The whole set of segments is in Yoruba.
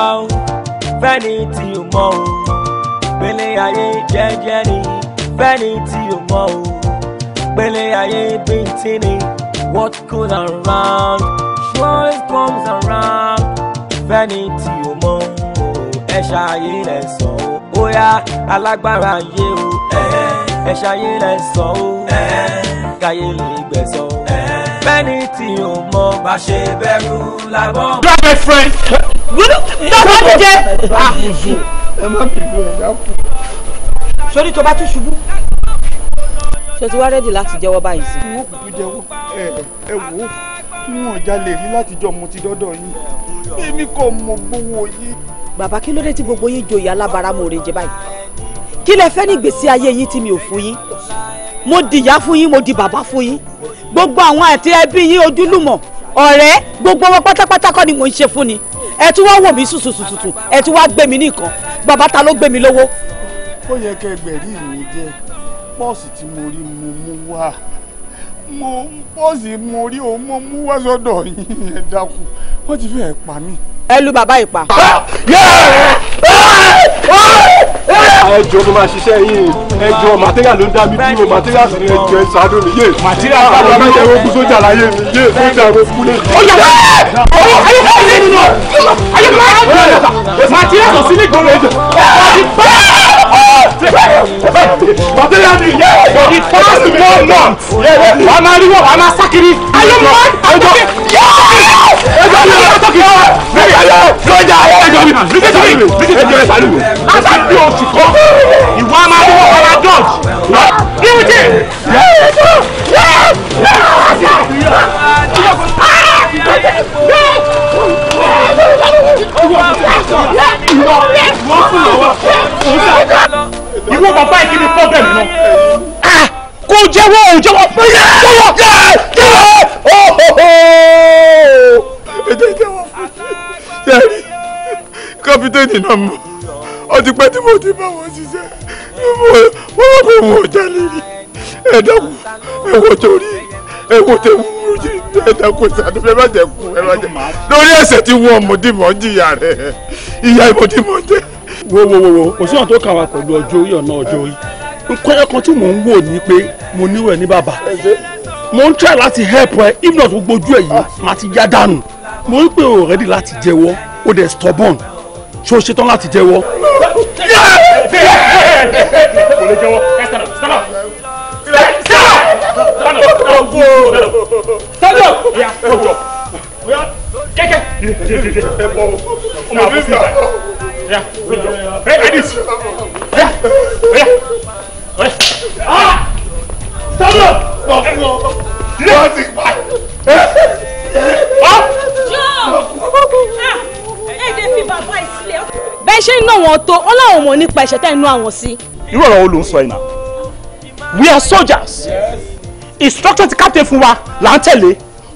wá o fẹ́ni tí o mọ̀ o pélé ayé jẹ́jẹ́ ni fẹ́ni tí o mọ̀ o pélé ayé bíntín ni what goes around sure comes around fẹ́ni tí o mọ̀ o ẹ ṣàyè rẹ̀ sọ o ó yá alágbára ayé o ẹ ṣàyè rẹ̀ sọ o káyé lè gbẹ̀sọ̀ o eh. fẹ́ni tí o mọ̀ bá ṣe bẹ̀rù làbọ̀. Grab my friend lọ́wọ́ díje. ẹ má bìbí ẹ dákun. sori tó bá tún ṣubú. ṣé o ti wá rẹ́dì láti jẹ́wọ́ báyìí sí. wọn kò tún jẹ́wọ́ ẹ ẹ wò ó kí wọn jalè rí látijọ́ mo ti dọ́dọ̀ yín èmi kò mọ gbowó yín. bàbá kí ló dé tí gbogbo yín joyè alábàámọ̀ rẹ̀ jẹ báyìí kí lẹ fẹ́ ní ìgbésí ayé yín tí mi ò fún yín mo dìyà fún yín mo di bàbá fún yín gbogbo àwọn àti ẹbí yín ojúlùmọ̀ ọ̀rẹ́ gbogbo wọn pátápátá kọ́ ni mò ń ṣe fún ni ẹ tún wá wò mí sùsùsùsù ẹ tún wá gbé mi ní nǹkan bàbá ta ló gbé mi lówó. ó yẹ kẹgbẹ̀rí mi jẹ́ pọ́ọ̀sì tí mo rí mo mú wá mo pọ́ọ̀sì mo rí òun mú wá sọ́dọ̀ yín ẹ dákun wọ́n ti fẹ́ẹ́ pa mí. ẹ lu bàbá ìpa. ẹ jọ mo máa ṣiṣẹ́ yín ẹ jọ ló ń dá mi dúró material sì ni ẹ jọ ẹ ṣàánú mi yé material bàbá ah! mi jẹ́ ogun sójà láyé mi yé ó dà mo kú lé. ó yà wá ayé bá ilé nínú ayé bá ilé nínú material sọ sí ní ìgboro ẹjọ bàtẹ́yà ni for the past one month wà á máa rí wọ̀ wà á máa sákiri. ayé mọ́ àtọ́kẹ́ ẹjọ́ mi àtọ́kẹ́ ẹjọ́ lọ́jà ẹjọ́ mi ìwọ bàbá yìí kí ni problem náà. Ah, kò jẹ́wọ́ ò jẹ́wọ́ fún jẹ́wọ́ jẹ́wọ́. ẹjẹ jẹ́wọ́ fún oh, oh, oh. náà mọ̀ ọtí pẹ́ tí mo ti bá wọn ṣiṣẹ́ wọ́n kò wọ́n jalè rí ẹ̀dá ẹ̀wọ̀ torí ẹ̀wọ̀ tẹ̀wọ̀ ẹ kú ìsàdùn ẹ má jẹ kú ẹ má jẹ lórí ẹsẹ tí wọn ọmọdé mọ jìyà rẹ ìyá ìmọdé jẹ. wo wo wo kò sí ọ̀n tó kà wá pẹ̀lú ọjọ́ orí ọ̀nà ọjọ́ orí nkọ́yọ́ kan tí mò ń wò ni pé mo níwẹ̀ ní bàbá mo ń try láti help ẹ if not gbogbo ojú ẹ yìí màá ti yá dànù mo ń pè ọ́ ready láti jẹ́wọ́ ó dẹ̀ stubborn ṣó ṣetán láti jẹ́wọ́. kò lè jẹ́wọ́ ẹ sọ̀rọ̀ sọ̀rọ̀ kú o. tọ́jú ọ̀yà ọ̀jọ̀ ọ̀yà kẹ́kẹ́. ẹ bọ̀ ọmọ mi ah! ah! ṣe ń ná wọn tó ó láwọn mọ̀ nípa ẹ̀ṣẹ̀ tẹ́ àwọn sí. irú ọ̀rọ̀ wo ló ń sọ yìí náà we are soldiers instructor ti captain fún wa là ń tẹ̀lé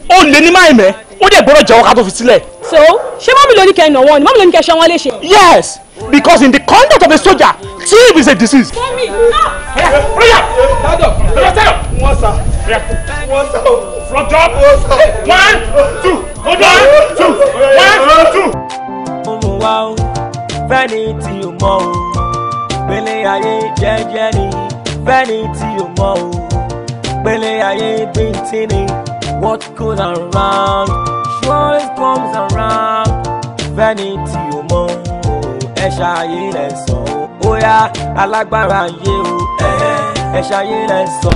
ó lè ní máa mẹ́ ó dẹ̀ gbọ́dọ̀ jẹ́wọ́ ká tó fi sílẹ̀. so ṣé mọ́mí lóní kẹ́ ẹ̀ nà wọ́n ni mọ́mí lóní kẹ́ ẹ̀ ṣe wọ́n léṣe. yes because in the conduct of a soldier thief is a disease. mọ́mí náà. ọ̀rẹ́yà ọ̀rẹ́yà tẹ́lọ̀. wọ́n sá wọ́n sá o. front one two One, two one two. mo wá o fẹ́ni tí o mọ̀ o pélé ayé jẹ́jẹ́ ni fẹ́ni tí o mọ̀ o pélé ayé bíntín ni what goes around sure it comes around Vanity, tí o mọ̀ ẹ ṣàyè rẹ̀ sọ ó yá alágbára yé o ẹ ṣàyè rẹ̀ sọ.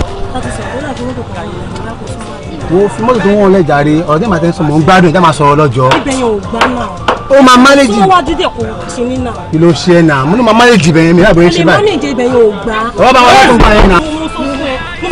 wo fi mọ́tò tó wọ́n lẹ̀ jàre ọ̀rọ̀ tí màá tẹ́ sọ mọ́ ń gbádùn ìjà máa sọ̀rọ̀ lọ́jọ́. ẹgbẹ́ yẹn ò gbá náà ó máa mánéjì. tí wọ́n wá dídẹ̀ kò sí ní náà. kí ló ṣe é náà mo ní máa mánéjì bẹ̀yẹn mi láàbò yẹn ṣe báyìí. èmi mánéjì bẹ̀yẹn ò gbà. ọ̀rọ̀ bá wọn lọ́dún bá yẹn náà.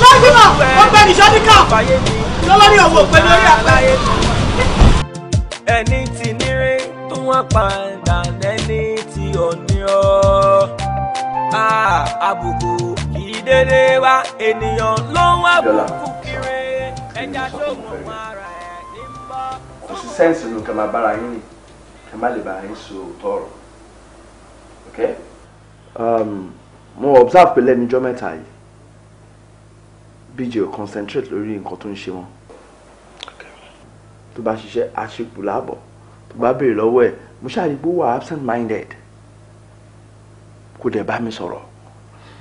ṣọ́júmọ̀ ọ̀gbẹ́ni ṣọ́díkà lọ́lọ́rí ọ̀wọ́ pẹ̀lú orí àpẹẹrẹ. ẹni tí níre tó wọ́n padà lẹ́ni tí ò ní ọ́ àbùkù kìí dédé ènìyàn ló ń wá bùkù kiri ẹja tó mọ̀ mọ́ ara ẹ̀ ní bọ́. kò sí sẹ́ǹsì nù kà máa bára yín kà má lè bára yín sọ òótọ́ ọ̀rọ̀ um, mo observe pé lẹ́nu ijọ́ mẹ́ta yìí BJ ò concentrate lórí nǹkan tó ń ṣe wọn tó bá ṣiṣẹ́ àṣepù láàbọ̀ tó bá béèrè lọ́wọ́ ẹ̀ mo ṣàdìgbò wà absent minded kò dẹ̀ bá mi sọ̀rọ̀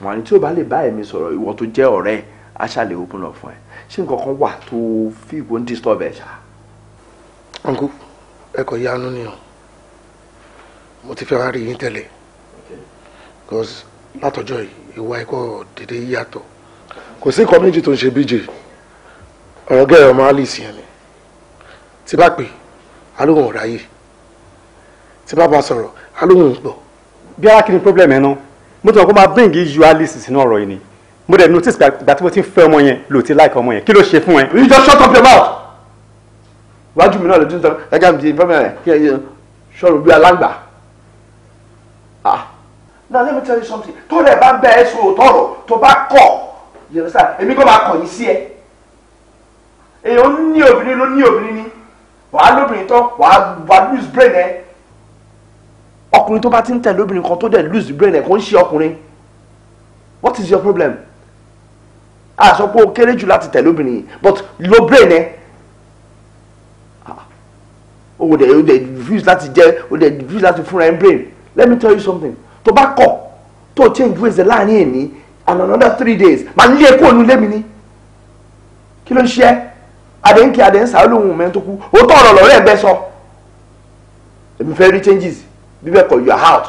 wọn ni tí o bá lè bá ẹ̀mí sọ̀rọ̀ ìwọ tó jẹ́ ọ̀rẹ́ a ṣàlè open up fún ẹ ṣé nǹkan kan wà tó fi ìbò ń disturb ẹ ṣá. ọ̀nkú ẹ kò yanu ni o mo ti fẹ́ wá rí yín tẹ́lẹ̀ because látọjọ́ yìí ìwà ẹ̀kọ́ dédé yàtọ̀ kò sí community tó ń ṣe bj ọ̀rọ̀ gẹ́rẹ́ ọmọ alice yẹn ni tí bá pè alóhùn ò ráyè tí bá bá sọ̀rọ̀ alóhùn ò gbọ́. bí ara kí ni problem ẹ ná mo tún ọ kó máa bring you alice sínú ọ̀rọ̀ yìí ni mo dẹ̀ notice gba tí mo ti ń fẹ́ ọmọ yẹn lò ti like ọmọ yẹn kí ló ṣe fún ẹ. you just shut up your mouth. iwájú mi náà lójú ń tọ́ ẹja mi ti fẹ́ mẹ́rin kí ẹ yẹ sọ̀rọ̀ bí alágbà. Ah. now let me tell you something tó rẹ̀ bá bẹ́ẹ̀ sọ̀rọ̀ tọ̀rọ̀ tó bá kọ̀ yẹ̀rọ sáà èmi kò máa kọ̀yìn sí ẹ èèyàn ní obìnrin ló ní obìnrin ni wàá lóbìnrin tán wàá wàá lose brain ẹ ọkùnrin tó bá ti ń tẹ̀ lóbìnrin kan tó dẹ̀ lose brain ẹ kò ń ṣe ọkùnrin what is your problem a sọ pé o kéré jù láti tẹ̀ lóbìnrin yìí but lo brain ẹ ah, o dẹ̀ o dẹ̀ refuse láti jẹ́ o dẹ̀ refuse láti fúnra ẹ brain let me tell you something tó bá kọ̀ tó change ways ẹ láàrin èmi and another three days màá nílé kó onú lémi ní kí ló ń ṣe ẹ́ adéǹkì adéǹsà olóhùn mẹ́rin tó kú ó tọ̀ ọ̀rọ̀ lọ́rẹ́ ẹ̀ bẹ́ sọ èmi fẹ́ rí changes bí bẹ́ẹ̀ kọ́ you are out.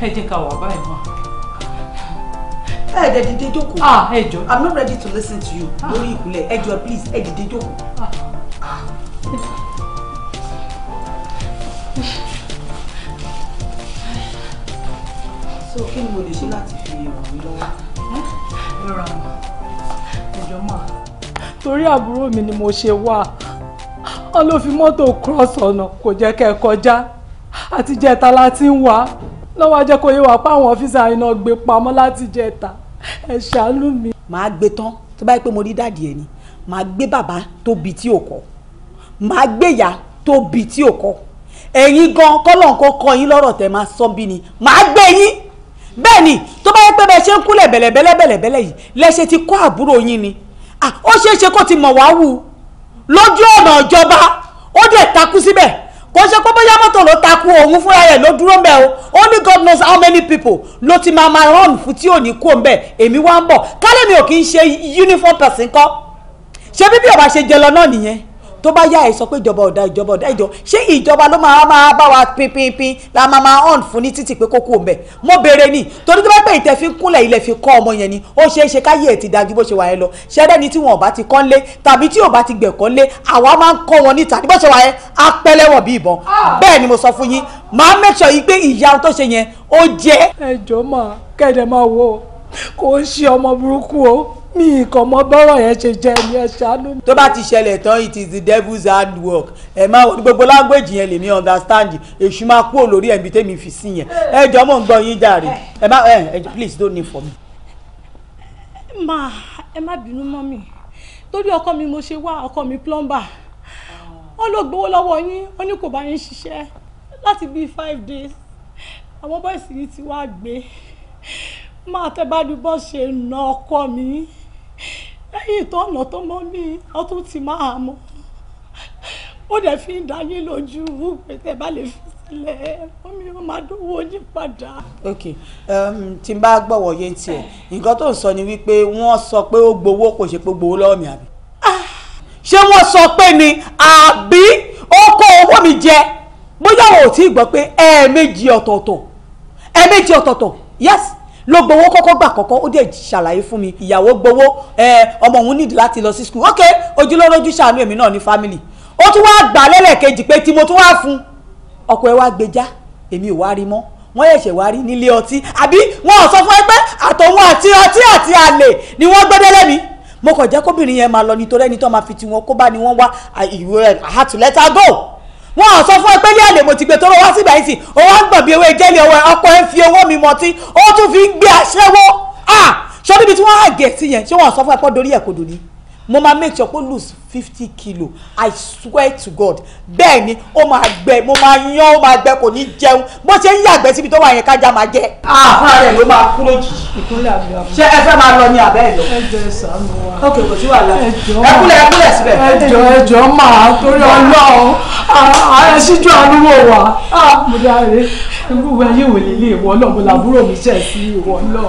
ẹ ah, jẹ́ ká wà báyìí mọ́ ẹ dẹ̀ ah ẹ i'm not ready to listen to you ah. lórí ìkúnlẹ̀ ẹ jọ please ẹ dìde ah. so kí ni mo lè ṣe láti fi ràn mí lọ́wọ́. Hmm? rọra mọ ẹjọ mọ. torí àbúrò mi ni mo ṣe wá wọn ló fi mọ́tò cross ọ̀nà kò jẹ́ kẹ́ ẹ kọjá àti jẹta la ti ń wá lọ́wọ́ ajẹ́kọ̀ọ́ yẹ wà pé àwọn ọ́fíìsì àyìnà gbé pamọ́ láti jẹta ẹ ṣàánú mi. màá gbé tán tó bá yẹ pé mo rí dáàdì ẹ ni màá gbé bàbá tó bi tí ò kọ màá gbé ìyá tó bi tí ò kọ ẹ̀yin gan kọ́lọ̀ nǹkan kọ yín lọ́rọ̀ tẹ̀ máa sọ bí ni màá gbé yín bẹ́ẹ̀ ni tó bá yẹ pé bẹ́ẹ̀ ṣe ń kúlẹ̀ bẹ̀lẹ̀bẹ̀lẹ̀ bẹ̀lẹ̀bẹ̀lẹ̀ yìí lẹ́ṣẹ̀ ti kọ́ àbúrò yín ni ó ṣeé ṣe kó ti mọ̀ wá wù lójú ọ̀nà ìjọba ó dẹ̀ takú síbẹ̀ kò ṣe pé bóyá mọ́tò ló takú òun fúnra rẹ̀ ló dúró mbẹ́ o only God knows how many people ló ti máa máa rán fún tí ò ní kú mbẹ́ èmi wá ń bọ̀ kálẹ̀ mi ò kì í ṣe uniform person kọ́ ṣé bíbí ọba ṣe jẹ lọ náà nìyẹn tó bá yá ẹ sọ pé ìjọba ọ̀dà ìjọba ọ̀dà ìjọ ṣé ìjọba ló máa máa bá wa pinpinpin la máa máa hàn fún ní títì pé kókó mbẹ mo béèrè ni torí tó bá pẹ́ ìtẹ̀ fi kúnlẹ̀ ilẹ̀ fi kọ́ ọmọ yẹn ni ó ṣeé ṣe káyé ẹ̀ ti dájú bó ṣe wà yẹn lọ ṣẹ́dẹ́ ni tí wọn ò bá ti kọ́ lé tàbí tí ò bá ti gbẹ̀kọ́ lé àwa máa ń kọ́ wọn níta ní bó ṣe wà yẹn apẹ́lẹ́wọ̀n ah! mo sọ kò ń ṣe ọmọ burúkú o mi kàn mọ bọ́rọ̀ yẹn ṣe jẹ́ ni ẹ ṣàánú. tó bá ti ṣẹlẹ̀ tán it is the devil's hard work ẹ máa gbogbo language yẹn lèmi understand èṣù máa kúrò lórí ẹ̀mí tèmi fi sí yẹn ẹ jọ mọ̀ ń gbọ́ yín jàre ẹ má ẹ please don't need for me. ma ẹ má bínú mọ́ mi torí ọkọ mi mo ṣe wá ọkọ mi plumber wọn ló gbowó lọ́wọ́ yín wọn ní kò bá yín ṣiṣẹ́ láti bíi five days àwọn bọ́ìsì yìí ti wá gbé máa tẹ́ bá dúbọ̀ ṣe na ọkọ mi lẹ́yìn tó ọ̀nà tó mọ́ mi ọtún ti máa mọ́ ó dẹ̀ fi ń dá yín lójú pé tẹ́ bá lè fi sílẹ̀ omi ó máa dówó yín padà. ok um, tí n bá gbọ́wọ́ yé tiẹ̀ nǹkan tó ń sọ ni wípé wọ́n sọ pé ó gbowó kò ṣe pé gbowó lọ́wọ́ mi àbí. Ah! ṣé wọ́n sọ pé ni àbí ó kó owó mi jẹ bóyá o ò tí ì gbọ́ pé ẹ̀ẹ̀mejì ọ̀tọ̀ọ̀tọ̀ ẹ̀ẹ̀mejì ọ̀tọ̀ọ̀tọ̀ yẹ́sì ló gbowó kọ́kọ́ gbà kọ́kọ́ ó dẹ̀ ṣàlàyé fún mi ìyàwó gbowó ọmọ òun nídìí láti lọ sí skul ok ojúlórójú ṣàánú èmi náà ní family ó tún wá gbà lẹ́lẹ̀kejì pé tí mo tún wá fún ọkọ ẹ wá gbèjà èmi ò wá rí mọ́ wọ́n ṣẹ̀ṣẹ̀ wá rí nílé ọtí àbí wọ́n ò sọ fún ẹ pé àtòun àti ọtí àti àlè ni wọ́n gbẹ́dẹ́lẹ́ mi mo kàn jẹ́ kóbìnrin yẹn máa lọ nítorí ẹni tó máa fi tiwọn kó bá ni wọ́n wá ìwé I had to let her go wọn ò sọ fún ẹ pé ní àlè mo ti gbé tó lọ wá sígbà yìí sí o wá ń gbọ̀n bí ewé jẹ́lẹ̀ ọwọ́ ẹ ọkọ ẹ ń fi owó mi mọtí ó tún fi ń gbé aṣẹ́wó ah! ṣọ́ níbi tí wọ́n á gẹ̀ẹ́sì yẹn ṣé wọ́n sọ fún ẹ pọ́ dorí ẹ̀ kodò ni mo máa make sure pé lose fifty kilo i swear to god bẹ́ẹ̀ ni ó máa gbẹ mo máa yan ó máa gbẹ kò ní jẹun bó ṣe ń yàgbẹ́ síbi tó wà yẹn kájà máa jẹ. àfa rẹ ló máa kú lójijì. ìkúnlẹ̀ àbí àbí. ṣé ẹ fẹ́ máa lọ ní abẹ́ ẹ̀ lọ. ẹ jọ ẹ sànù wa. ok kò sí wàhálà ẹ kúlẹ̀ ẹ kúlẹ̀ síbẹ̀. ẹ jọ ẹ jọ máa torí ọlọ́run ààrẹ síjú àdúgbò wa. mo dáre gbogbo ayé wò lè lé ìwọ náà mo làbúrò mi jẹ sí ìwọ náà.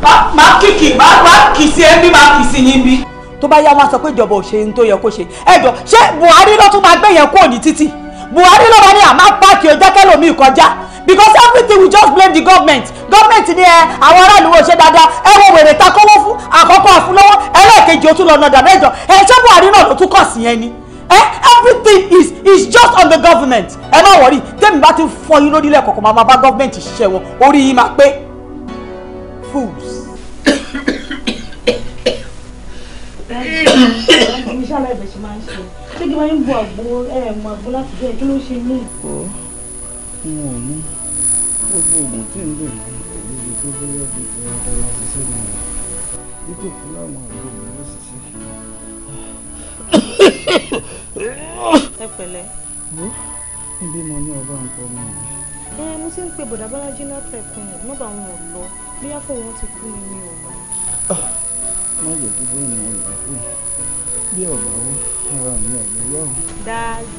Ma, kìkì máa ma, sí ẹ bí ma, kì sí yín bí. tó bá yá wọn sọ pé ìjọba ò ṣe ohun tó yẹ kó ṣe ẹ jọ ṣé Buhari ló tún máa gbé yẹn kúrò ní títì Buhari ló wà ní àmà páàkì ojákẹ́lòmí kọjá because everything we just blame the government government ni ẹ àwọn aráàlú wo ṣe dáadáa ẹ wo wèrè ta kówó fún àkọ́kọ́ àfúnlọ́wọ́ ẹlẹ́ẹ̀kejì ó tún lọ nọdà mẹ́jọ ẹ ṣé Buhari náà ló tún kọ̀ sí yẹn ni ẹ everything is is just on the government ẹ má wọrí tẹ́mi bá ti fọ́ yín lórílẹ̀ kọ̀ọ̀kan máa bá government ṣiṣẹ́ wọn orí yín máa pé fools. ẹ pẹ̀lẹ́. wo ibi mo ní ọba nǹkan mi ẹ mo ti ń pe bọ̀dà bọ́lájí látẹ̀kùn nọ́bà wọn ò lọ bóyá fún wọn ti kú ni mi ò mọ̀. Ah, má yẹ kí bóyá wọn lè kú bí ọba wo ara mi ò lè yọ. dáàdì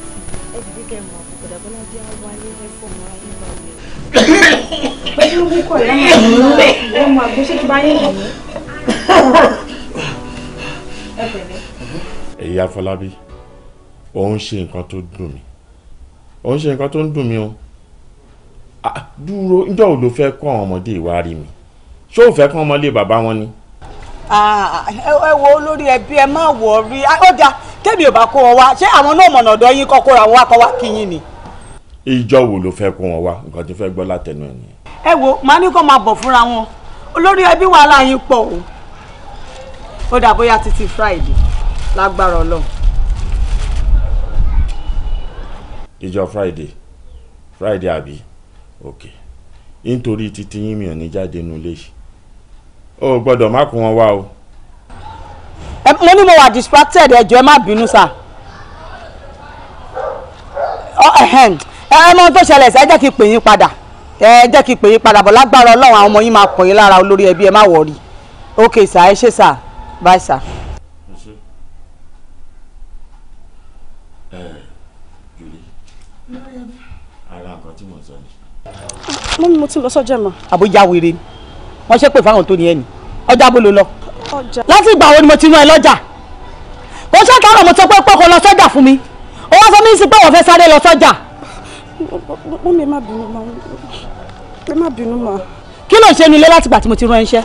ẹ ti dé kẹ́ mọ̀ bọ̀dà bọ́lájí á wáyé ẹ fọmọ ayé bá mi. ẹ ṣe ń kúkọ̀ ẹ̀ ẹ̀ mọ̀ àgbóṣe ti bá yẹ̀ yẹ̀ mí. ẹ pẹ̀lẹ́ ìyá Fọlábí òun ṣe nǹkan tó dùn mí òun ṣe nǹkan tó ń dùn mí o Ah, dúró njọ́ ò ló fẹ́ kọ́ àwọn ọmọdé ìwà rí mi ṣé ò fẹ́ kọ́ ọmọ lé bàbá wọn ni. Ah, ẹ wo olórí ẹbí ẹ má wọ rí ọjà tèmi ò bá kó wọn wá ṣé àwọn náà mọ̀nà ọ̀dọ́ yín kọ́kọ́ ra wọn wá kọ́ wá kí yín ni. ìjọ wo ló fẹ́ kó wọn wá nǹkan tó fẹ́ gbọ́ látẹnu ẹ̀ nìyẹn. ẹ wo màá ní kó máa bọ̀ fúnra wọn olórí ẹbí wàhálà yín pọ̀ o ó dà bóyá títí Friday lágbára Ọlọ́run. Friday Friday àbí ok nítorí títí yín mi ò ní jáde nínú ilé yìí o gbọ́dọ̀ má kó wọn wá o. mo ní mo wà distracted ẹ jọ̀ọ́ ẹ má bínú sá ẹ mọ tó ṣẹlẹ̀ ẹ jẹ́ kí n pè yín padà ẹ jẹ́ kí n pè yín padà bọ̀ lágbára ọlọ́run àwọn ọmọ yín máa pọ̀ yín lára olórí ẹbí ẹ má wọ̀ọ́rì ok sá ẹ ṣé sá bye sa. mọ́mí mo ti lọ sọ́jà mà. àbójá wèrè ni wọ́n ṣe pè fáwọn tó ní ẹni ọjà bó ló lọ. ọjà. láti ìgbà wo ni mo ti rán ẹ lọ́jà kò ṣàtàrọ̀ mo sọ pé pé kò lọ sọ́jà fún mi owó sọ mí sí pé wọ́n fẹ́ sáré lọ sọ́jà. mọ́mí ẹ má bínú mà ẹ má bínú mà. kí ló ń ṣe nílé láti ìgbà tí mo ti rán ẹ iṣẹ́.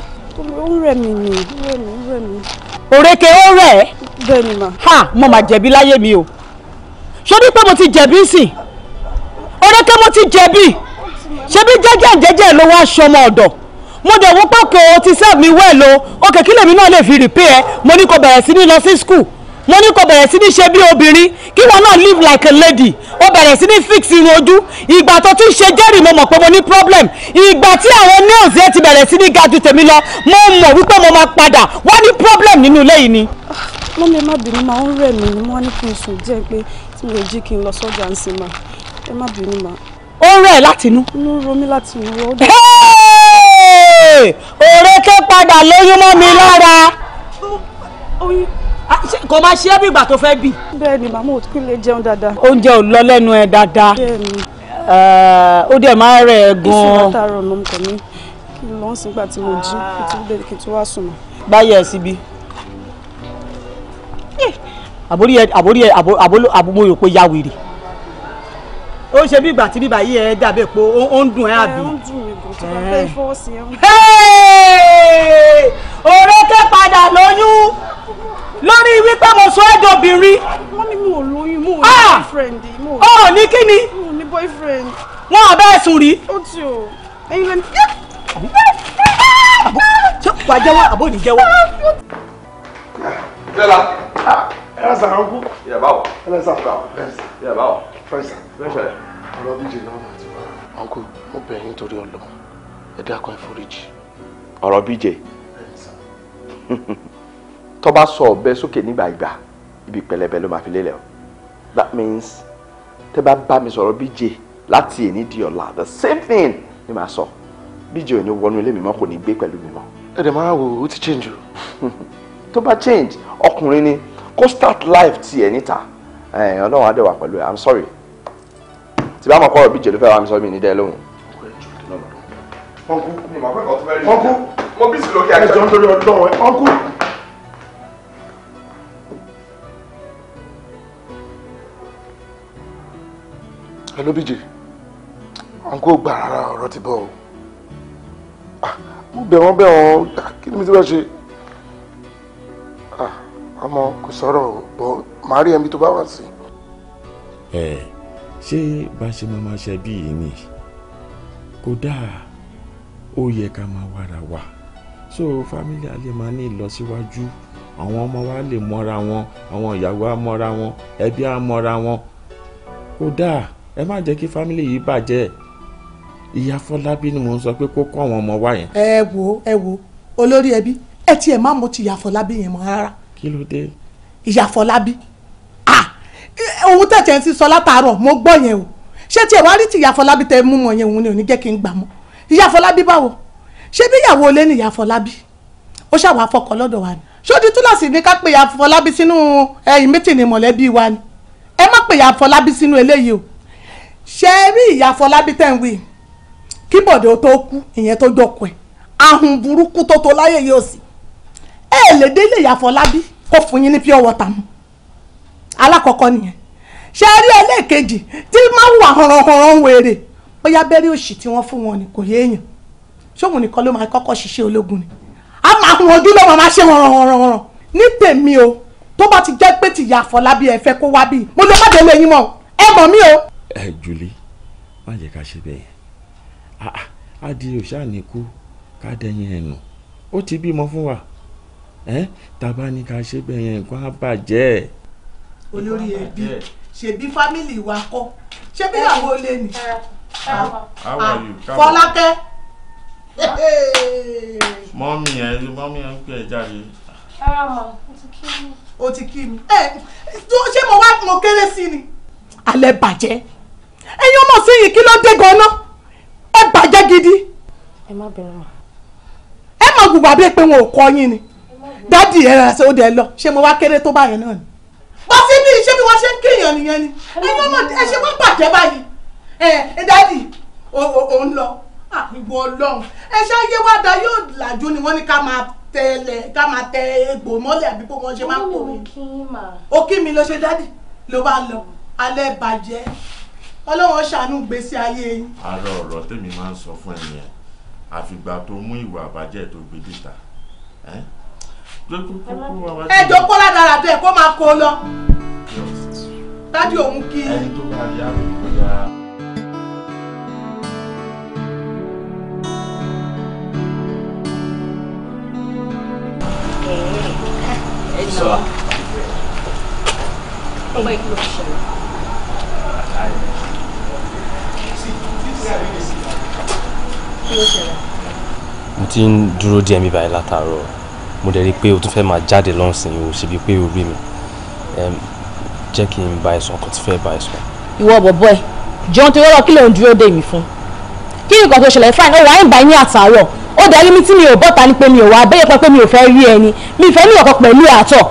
ó ń rẹ̀ mí ni ó rẹ̀ mí ó rẹ̀ mí. òrèké ó rẹ̀ ẹ́. bẹ́ẹ̀ ni mà. ha mo mà jẹ̀bi láyé mi o ṣó ní pé mo ti jẹ̀bi sìn òrèké mo ti jẹ̀bi ṣebí jẹ́jẹ́ jẹ́jẹ́ ló wá ṣọmọ ọ̀dọ̀ mo dẹ̀ wọ́n pé kò ti serve mi well o òkè kí lèmi náà lè fi repay ẹ mo ní kó bẹ̀rẹ̀ sí ní lọ sí school mo ní kó bẹ̀rẹ̀ sí ní ṣe bí obìnrin kí wọn náà live like a lady ó bẹ̀rẹ̀ sí ní fix irun ojú ìgbà tó tún ṣe jẹ́rìí mo mọ̀ pé mo ní problem ìgbà tí àwọn nails yẹn ti bẹ̀rẹ̀ sí ní ga ju tèmi lọ mo mọ̀ wípé mo máa padà wọ́n ní problem nínú ilé ni. wọ́n lè má bínú máa ń rẹ̀ mí ni wọ́n ní kí n sùn díẹ̀ pé tí mo lè jí kí n lọ sọ́jà ń sin ma ẹ má bínú máa ó rẹ̀ látinú. inú ro mí láti wọ. òrèké padà lóyún mọ́ mi lára. kò máa ṣe é bí ìgbà tó fẹ́ bì. bẹ́ẹ̀ ni màmá ò kí lè jẹun dáadáa. oúnjẹ ò lọ lẹ́nu ẹ dáadáa. ó dẹ̀ máa rẹ̀ ẹ́ gan-an. iṣẹ́ látàárọ̀ ló ń kọ́ mi kí n lọ́ọ́ sígbà tí mo jí kí n tó wá sùn. báyẹ̀ síbi eh! àbórí ẹ àbórí ẹ àbó àbó àbó mo rò pé ya wèrè ó ń ṣe bí ìgbà tí bíbá yìí ẹ dàbí epo ó ń dùn ẹ àbí. ó ń dùn mí kò tó fẹ́ fọwọ́ sí ẹ. òrèké padà lóyún lórí wípé mo sọ ẹ́ dobìnrin. wọ́n ní mo lóyún mo ní ah! boyfriend. ó ní kí ni. mo ní boyfriend. wọn ò bẹ́ẹ̀ sùn rí. ó ti o ẹyin lẹni. ṣé wàá jẹ́wọ́ àbò ní jẹ́wọ́. Stella. Ah, ẹ lọ sàn án kú. Yàrá báwo. Ẹ lọ sàn án kú. Yàrá báwo fẹsẹ̀ ọ̀rọ̀ bíjì náà máa ti wá. ọ̀nkú mo bẹ̀ yín torí ọlọ́run ẹ dákun ẹ tó bá sọ ọ̀bẹ sókè nígbà ìgbà ibi pẹlẹbẹ ló máa fi lélẹ̀ o that means tẹ́ bá bá mi sọ̀rọ̀ bíjì láti èní di ọ̀la the same thing ni màá sọ bíjì ò ní wọnú ilé mi kò ní gbé pẹ̀lú mi mọ́. máa wò ó ti change o. tó bá change ọkùnrin ni kó start life tiẹ̀ níta ọlọ́run á dẹ̀ wà pẹ̀lú ẹ̀ i'm sorry tí bá mọ̀ kọ́ ọ̀bí jèlú fẹ́ wá mi sọ mí ní dẹ́ lóhùn. ọkú ọkú mo bí sílò kí a jọ ń torí ọdún ọ̀hún ọkú. hello bíjì ọkú ò gbà rárá ọ̀rọ̀ ti bọ̀ o ah, mo bẹ̀ wọ́n bẹ̀ wọ́n ah, kí ni mi ti bá ṣe ah, ọmọ kò sọ̀rọ̀ bọ̀ màá rí ẹbí tó bá wà sí. Eh, ṣé bá ṣe máa máa ṣe bí yìí ni kódà ó yẹ ká máa wára wà so family alẹ́ máa ní ìlọsíwájú àwọn ọmọ wa lè mọ́ra wọn àwọn ìyàwó á mọ́ra wọn ẹbí á mọ́ra wọn kódà ẹ má jẹ́ kí fámílì yìí bàjẹ́ ìyá Fọlábí ni mò ń sọ pé kó kọ́ àwọn ọmọ wa yẹn. ẹ wo ẹ wo olórí ẹbí ẹ tiẹ̀ má mo ti ìyá Fọlábí yẹn mọ́ rárá. kí ló dé. ìyá Fọlábí ohun tẹ̀tẹ̀ ti sọ látàárọ̀ mo gbọ́ yẹn o ṣé tiẹ̀ wá rí ti ìyá Fọlábí tẹ mú mọ̀ yẹn òun ni ò ní jẹ́ kí n gbà mọ́ ìyá Fọlábí báwo ṣé bí ìyàwó olé ni ìyá Fọlábí ó ṣàwọ̀ afọkọ̀ lọ́dọ̀ wa ni ṣóòdì túláàsì ni ká pe ìyá Fọlábí sínú ẹyìn mítìnì mọ̀lẹ́bí wa ni ẹ má pe ìyá Fọlábí sínú eléyìí o ṣé rí ìyá Fọlábí tẹ̀ ń wí kí bọ̀dẹ̀ ó tó kú ìyẹn tó jọkọ ẹ̀ ahun alákọ̀ọ́kọ́ nìyẹn ṣe rí ẹlẹ́ẹ̀kejì tí máa wà hànrànhànràn wèrè bóyá abẹ́rẹ́ òṣì tí wọ́n fún wọn ni kò yé èèyàn ṣóun nìkan ló máa kọ́kọ́ ṣiṣẹ́ ológun ni a máa hun ojú ló máa ṣe hànrànhànràn ní tèmi o tó bá ti jẹ́ pé tìyá àfọlábí ẹ fẹ́ kó wá bí mo lè má délé yín mọ́ ẹ mọ̀ mí o. ẹ Julie má jẹ́ ká ṣe bẹ́ẹ̀ á di òṣà ní kú ká dẹyìn ẹ̀ nù ó ti bímọ fún wa tàbá ní ká ṣe bẹ́ẹ̀ nǹkan á bàjẹ́ ẹ̀ olórí ẹbí ṣebí fámìlì wa kọ́ ṣebí ìyàwó ilé ni fọlákẹ́. mọ́mí ẹ mọ́mí ẹ ń pè ẹ jáde. o ti kí mi. ṣé mo wá mo kéré sí ni. alẹ́ bàjẹ́ ẹ̀yin ọmọ sí yìí kí ló dé gan-an ẹ bàjẹ́ gidi. ẹ má bẹ̀rẹ̀ mọ́. ẹ má gbùgbà bíi pé wọn ò kọ́ yín ni dádì ẹ rà sí ó dẹ lọ ṣé mo wá kéré tó báyẹn náà ni bọ́ sí bí iṣẹ́ bí wọ́n ṣe ń kéèyàn nìyẹn ni ẹ̀yin ọmọ ẹ ṣe wọ́n bàjẹ́ báyìí ẹ dádì òun lọ àpégbò ọlọ́run ẹ ṣáyé wá da yóò làjú ni wọ́n ní ká máa tẹ̀lẹ̀ ká máa tẹ egbò mọ́lẹ̀ àbí bó wọ́n ṣe máa ń pò mí òkí mi ló ṣe dádì ló bá lọ alẹ́ bàjẹ́ ọlọ́run ṣàánú gbèsè ayé yín. ààrẹ ọ̀rọ̀ tèmi máa ń sọ fún ẹ̀yìn ẹ̀ àfìgbà tó mú ìwà àbájẹ́ tó gbé dìtà ẹ jọ kó ládàra bẹ́ẹ̀ kó máa kó lọ tájú òun kí. ẹni tó bá yá mi kò yá. Sọ. Ọmọ ìlú ló ṣẹlẹ̀. Mo ti ń dúró díẹ̀ mi báyìí látàárọ̀ mo dẹ̀ rí i pé o tún fẹ́ máa jáde lọ́sìn o ṣe bíi pé o rí mi jẹ́ kí n bá ẹ sọ ọkọ̀ tí fẹ́ bá ẹ sọ. ìwọ bọ̀bọ̀ ẹ̀ jọ̀ọ́ torí ọ̀rọ̀ kí ló ń dúró dè mí fún kí nǹkan tó ṣẹlẹ̀ fine ó wà ń bá ní àtàárọ̀ ó darí mi tí mi ò bọ́ta ni pé mi ò wá abẹ́yẹ pé mi ò fẹ́ rí ẹni mi fẹ́ mi ọ̀kan pẹ̀lú àtọ̀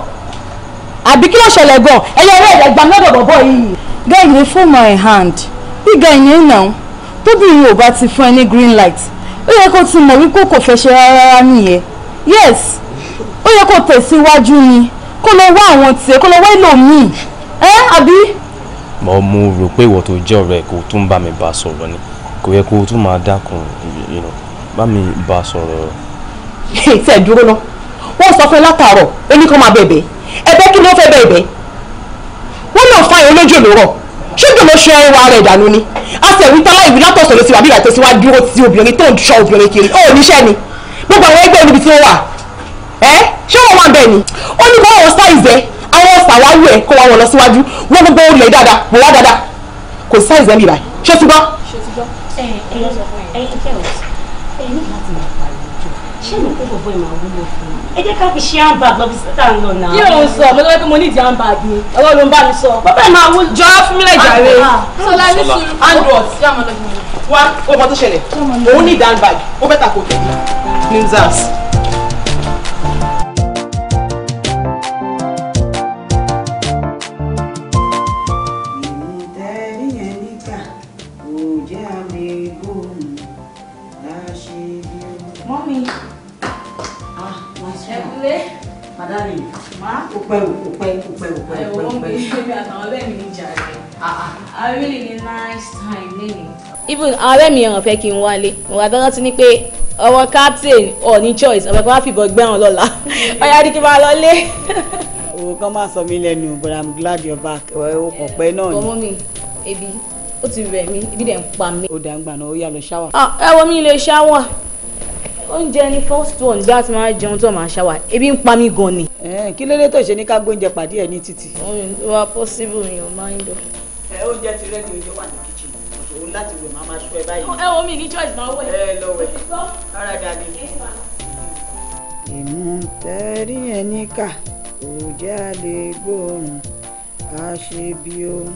àbí kí ló ṣẹlẹ̀ gan ẹ̀yẹ ọ̀rẹ́ ẹ̀dẹ̀ gbà lọ́dọ̀ bọ̀bọ̀ yìí. guy dey full my hand gbígbà ìyẹn náà tóbìnrin ò bá ti fún ẹ ní green light ó yẹ kó ti mọ̀ wípé kò fẹ́ ṣe rárá nìyẹn yes ó yẹ kó tẹ̀síwájú ni kó lọ wá àwọn tiẹ̀ kó lọ wá ẹlòmíì ẹ àbí. mo mú un rò pé ìwọ tó jẹ́ ọ̀rẹ́ kò tún bá mi bá sọ̀rọ̀ ni kò yẹ kó tún máa dákun bá mi bá sọ̀rọ̀. tẹ̀ dúró lọ wọ́n sọ fún ẹ látàárọ̀ ó ní kó máa bẹ̀bẹ̀ ẹ̀bẹ̀ kí ni wọ́n fẹ́ bẹ̀bẹ̀ wọ́n náà fa ìrònú jò lórọ̀ ṣójú ló ṣe ẹwà rẹ̀ dànù ni a sì ẹ̀rí tálá ìwé látọ̀sọ̀ ló ti wà bí ìràtọ̀ síwájú dúró ti obìnrin tó ń ṣọ obìnrin kiri ó níṣẹ́ ni gbogbo àwọn ẹgbẹ́ olùbí tí wọ́n wà ẹ́ ṣé wọ́n wà bẹ́ẹ̀ ni ó ní kó wọ́n size ẹ àwọn ṣàwárí ẹ kó wọ́n wọn lọ síwájú wọ́n gbogbo olè dáadáa wọ́n wá dáadáa kò size ẹ mi báyìí ṣé ti gbọ́. ṣé ti gbọ́ ẹyin ẹyin girls ẹyin ní láti máa pariwo jù ṣé mi kó gbogbo ìmọ̀ wúlò fún mi. ẹ jẹ́ ká fi ṣe handbag lọ bí sítà ń lọ náà. yóò ń sọ mo lọ́wọ́ pé mo ní ìdí handbag ni ọwọ́ ló ń bá mi sọ. bàbá ẹ̀ máa wúlò. jọ fún mi lẹ̀ jàre. sọlá ní sùúrù. andros wá ó mọ tó ṣẹlẹ̀ òun ní ìdí handbag ó bẹ́tà kò tẹ̀lé. nimzas. pẹ́ o kò pẹ́ kò pẹ́ kò pẹ́ kò pẹ́. ẹ̀wọ̀n mi ṣe bí àtàwọn ọ̀rẹ́ mi ń jà rẹ̀. I ah, ah. really need nice time lẹ́yìn. even àwọn ọ̀rẹ́ mi ẹ̀ràn fẹ́ captain ọ̀ ní choice ọ̀pẹ̀ kan wá fìbọn gbẹ̀rún lọ́la ọ̀yá ni kí n máa lọ lé. owó kan máa sọ mí lẹ́nu but I'm glad you're back owó kan pẹ́ náà ni. ọmọ mi ebi ó ti rẹ̀ mí ebi dẹ̀ ń pa mí. ó dàgbà náà ó yà lọ ṣáwà. Ah, ẹ wo mi lè ṣáwà oúnjẹ ni first one bí a ti máa jẹun tó máa ṣàwà ebi ń pa mí gan ni. kí ló dé tó ṣe ní ká gbóúnjẹ pàdé ẹ ní títì. ohun wá possible mi ò máa ń dọ. ẹ oúnjẹ ti rẹ́dí oúnjẹ wà ní kitchen òṣòro láti wẹ̀ máa máa ṣọ ẹ báyìí. ẹ omi ní choice máa wẹ̀. ẹ lọ wẹ̀ ara dàbí. ìmùtẹ́rí ẹni kà kò jẹ́ àlè gbóòórùn àṣebí ohun.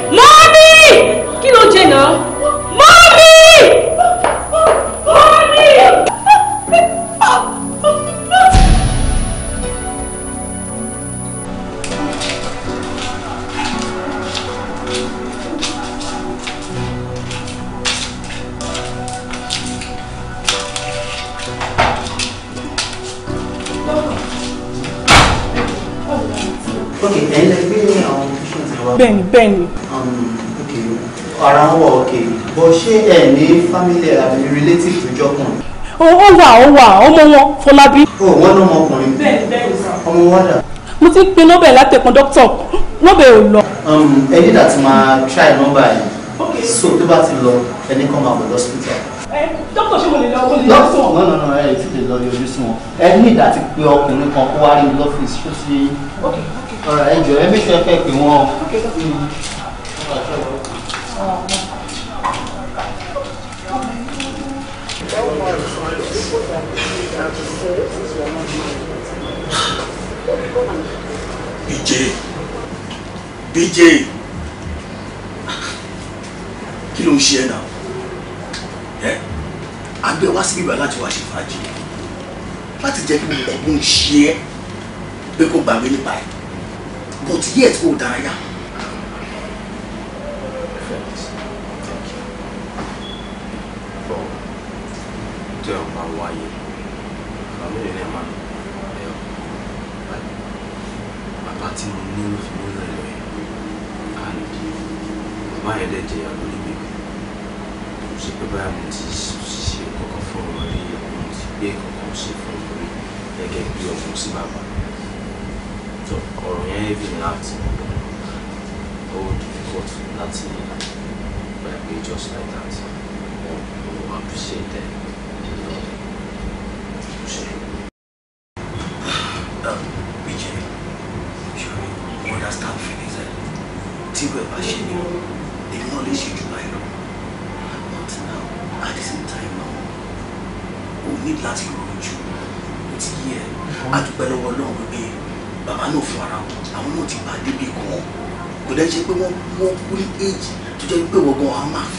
ní family àbí relative tó jọkùnrin. ó wà ó wà ọmọ wọn Fọlábí. ó wọn lọmọ ọkùnrin. bẹ́ẹ̀ni bẹ́ẹ̀ni sá. ọmọ wọn dà. mo ti pe nọbẹ látẹkùn dókítà nọbẹ ò lọ. Um, ẹ nígbà máa try nọmba yìí so tó bá ti lọ ẹni kan máa bọ̀ lọ́sítítà. dókítà ṣé mo lè lọ mo lè lọ sùn. náà náà náà ẹ ti lè lọ yọjú sí wọn ẹ ní ìdá ti pe ọkùnrin kan kó wá rí lọ́fíìsì ṣó ti. ọ̀rọ̀ ẹ jọ ẹ bí ṣe fẹ́ pè wọ́n. BJ kí ló ń ṣe ẹ náà ẹ agbẹ wá sí bíbá láti wá ṣe fàájì láti jẹ kí gbogbo ń ṣe ẹ pé kó gbàgbé nípa ẹ but yet ó dára yá. màmá yẹn dẹ̀ jẹ́ ìyàwó ní bèbè kò ṣe pé báyà mo ti ṣe kọ́kọ́ fún ọmọ rí ìyàwó mo ti gbé kọ́kọ́ ṣe fún ọmọ rí gẹ́gẹ́ bí ọmọ sí bàbá tó ọ̀rọ̀ yẹn heavy láti ó difficult láti gbàgbé just like that mo appreciate it.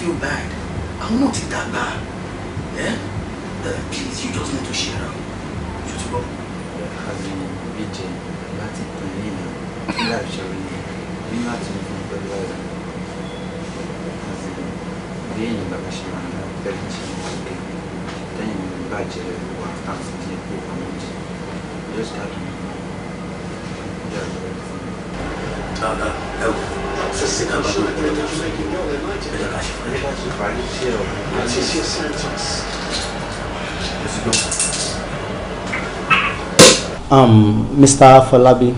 feel bad I'm àwọn that bad, yeah. ẹ uh, please you just need to share am ṣe ti gbọ́. àbí bíjẹ láti pè é ní ilé ìṣòro ní bí láti fún pẹ̀lú ẹ̀rọ àti bí èyí bàbá ṣe máa ń bẹ̀rẹ̀ ṣe ń pàdé tẹ́yìn mi bàjẹ́ wà láti di ẹ̀kọ́ ìwà méjì just got to be. Yeah, yeah. No, no, no accessing Um, Mr. Falabi,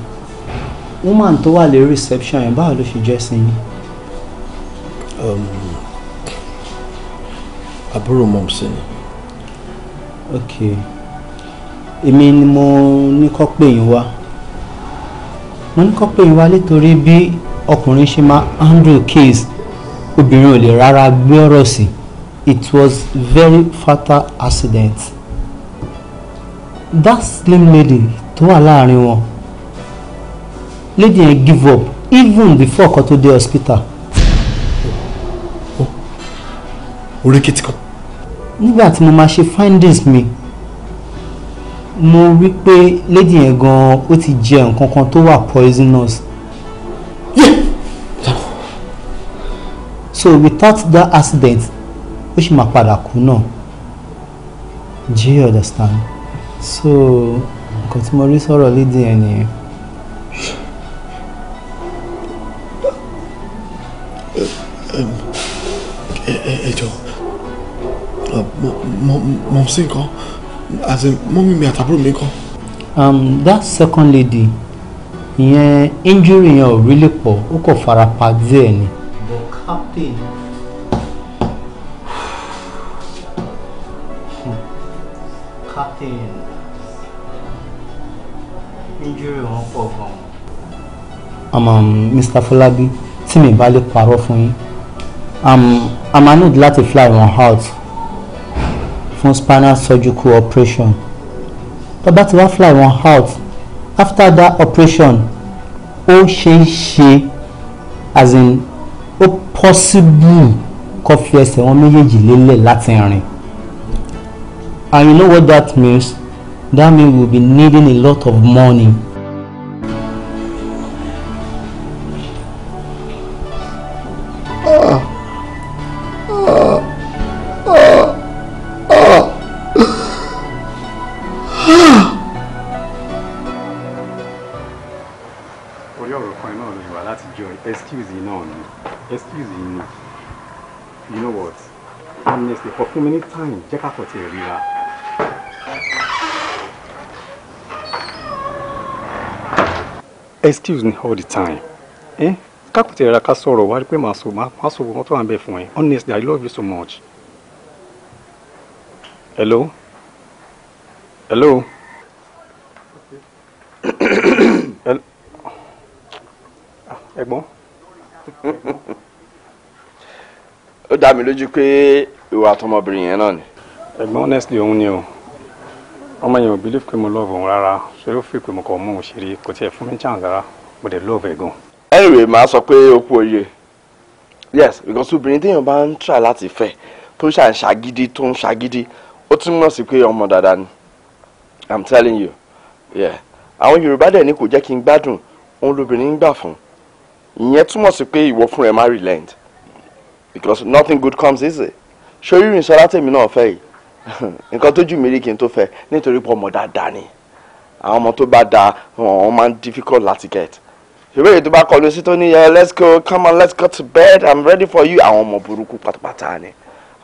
woman tó wà lórí reception yẹn báwo ló ṣe jẹ́ sí yín? Um, àbúrò mọ̀ sí ni. Ok, èmi ni mo ní kọ́ pè yín wá. Mo ní kọ́ pè yín wá nítorí bí ọkùnrin ṣe máa handle case obìnrin ò lè rárá gbé ọ̀rọ̀ sí it was very fatal accident that slim lady tó wà láàrin wọn lady yẹn give up even before kan tó dé hospital. orí kìtì kan. nígbà tí mo máa ṣe findings mi mo rí pé lady yẹn gan-an ó ti jẹ nǹkan kan tó wà poisonous yeah. so without that accident ó sì máa padà kú náà do you understand so nǹkan tí mo rí sọ̀rọ̀ lédi yẹn nìyẹn. ẹ jọ mọ sí nǹkan àti mọ́mí mi àtàbúrò mi kọ́. Um, that second lady ìyẹn injury yẹn ò rí lè pọ̀ ó kò fara pa díẹ̀ ni. but captain captain injury wọn pọ̀ gan. àmọ́ Mr. Um, Fọlábí tí mi bá lè parọ́ fún yín um, a máa need láti fly wọn out fún spinal surgical operation tó ti wá fly wọn out after that operation ó ṣeé ṣe as in O possible kó fi ẹsẹ̀ wọn méjèèjì lélẹ̀ láti rìn and you know what that means that means we will be needing a lot of money wò excuse me all the time eh? kákùtì ẹ̀ra ká sọ̀rọ̀ wá rí pé màá so màá so wọ́n honestly i love you so much. hello hello. ẹ̀gbọ́n ó dá mi lójú pé ìwà àtọmọbìnrin yẹn náà ni. ẹ̀gbọ́n honestly òun ni o ọmọ yẹn ò believe pé mo love òun rárá ṣé ó fi pé mo kàn mú òun ṣeré kò tiẹ̀ fún mi chance rárá mo dẹ̀ love ẹ̀ gan. anyway màá sọ pé ó kú oyè yes because obìnrin téèyàn bá ń try láti fẹ́ tó ṣà ń ṣàgídí tó ń ṣàgídí ó tún mọ̀ sí pé ọmọ dáadáa ni i'm telling you yeah àwọn yorùbá dẹ̀ ní kò jẹ́ kí n gbádùn òun lóbìnrin ń gbà fún ìyẹn túmọ̀ sí pé ìwọ fúnra ẹ má relent because nothing good comes easy ṣorí ìṣọ́ra tèmi náà fẹ́ yìí nǹkan tójú mi rí kí n tó fẹ́ nítorí pé ọmọ dáadáa ni àwọn ọmọ tó bá da wọn máa ń difficult láti get ìwé èyí tó bá kọlu sí tó ní yẹ let's go come on let's go to bed i'm ready for you àwọn ọmọ burúkú pátápátá ni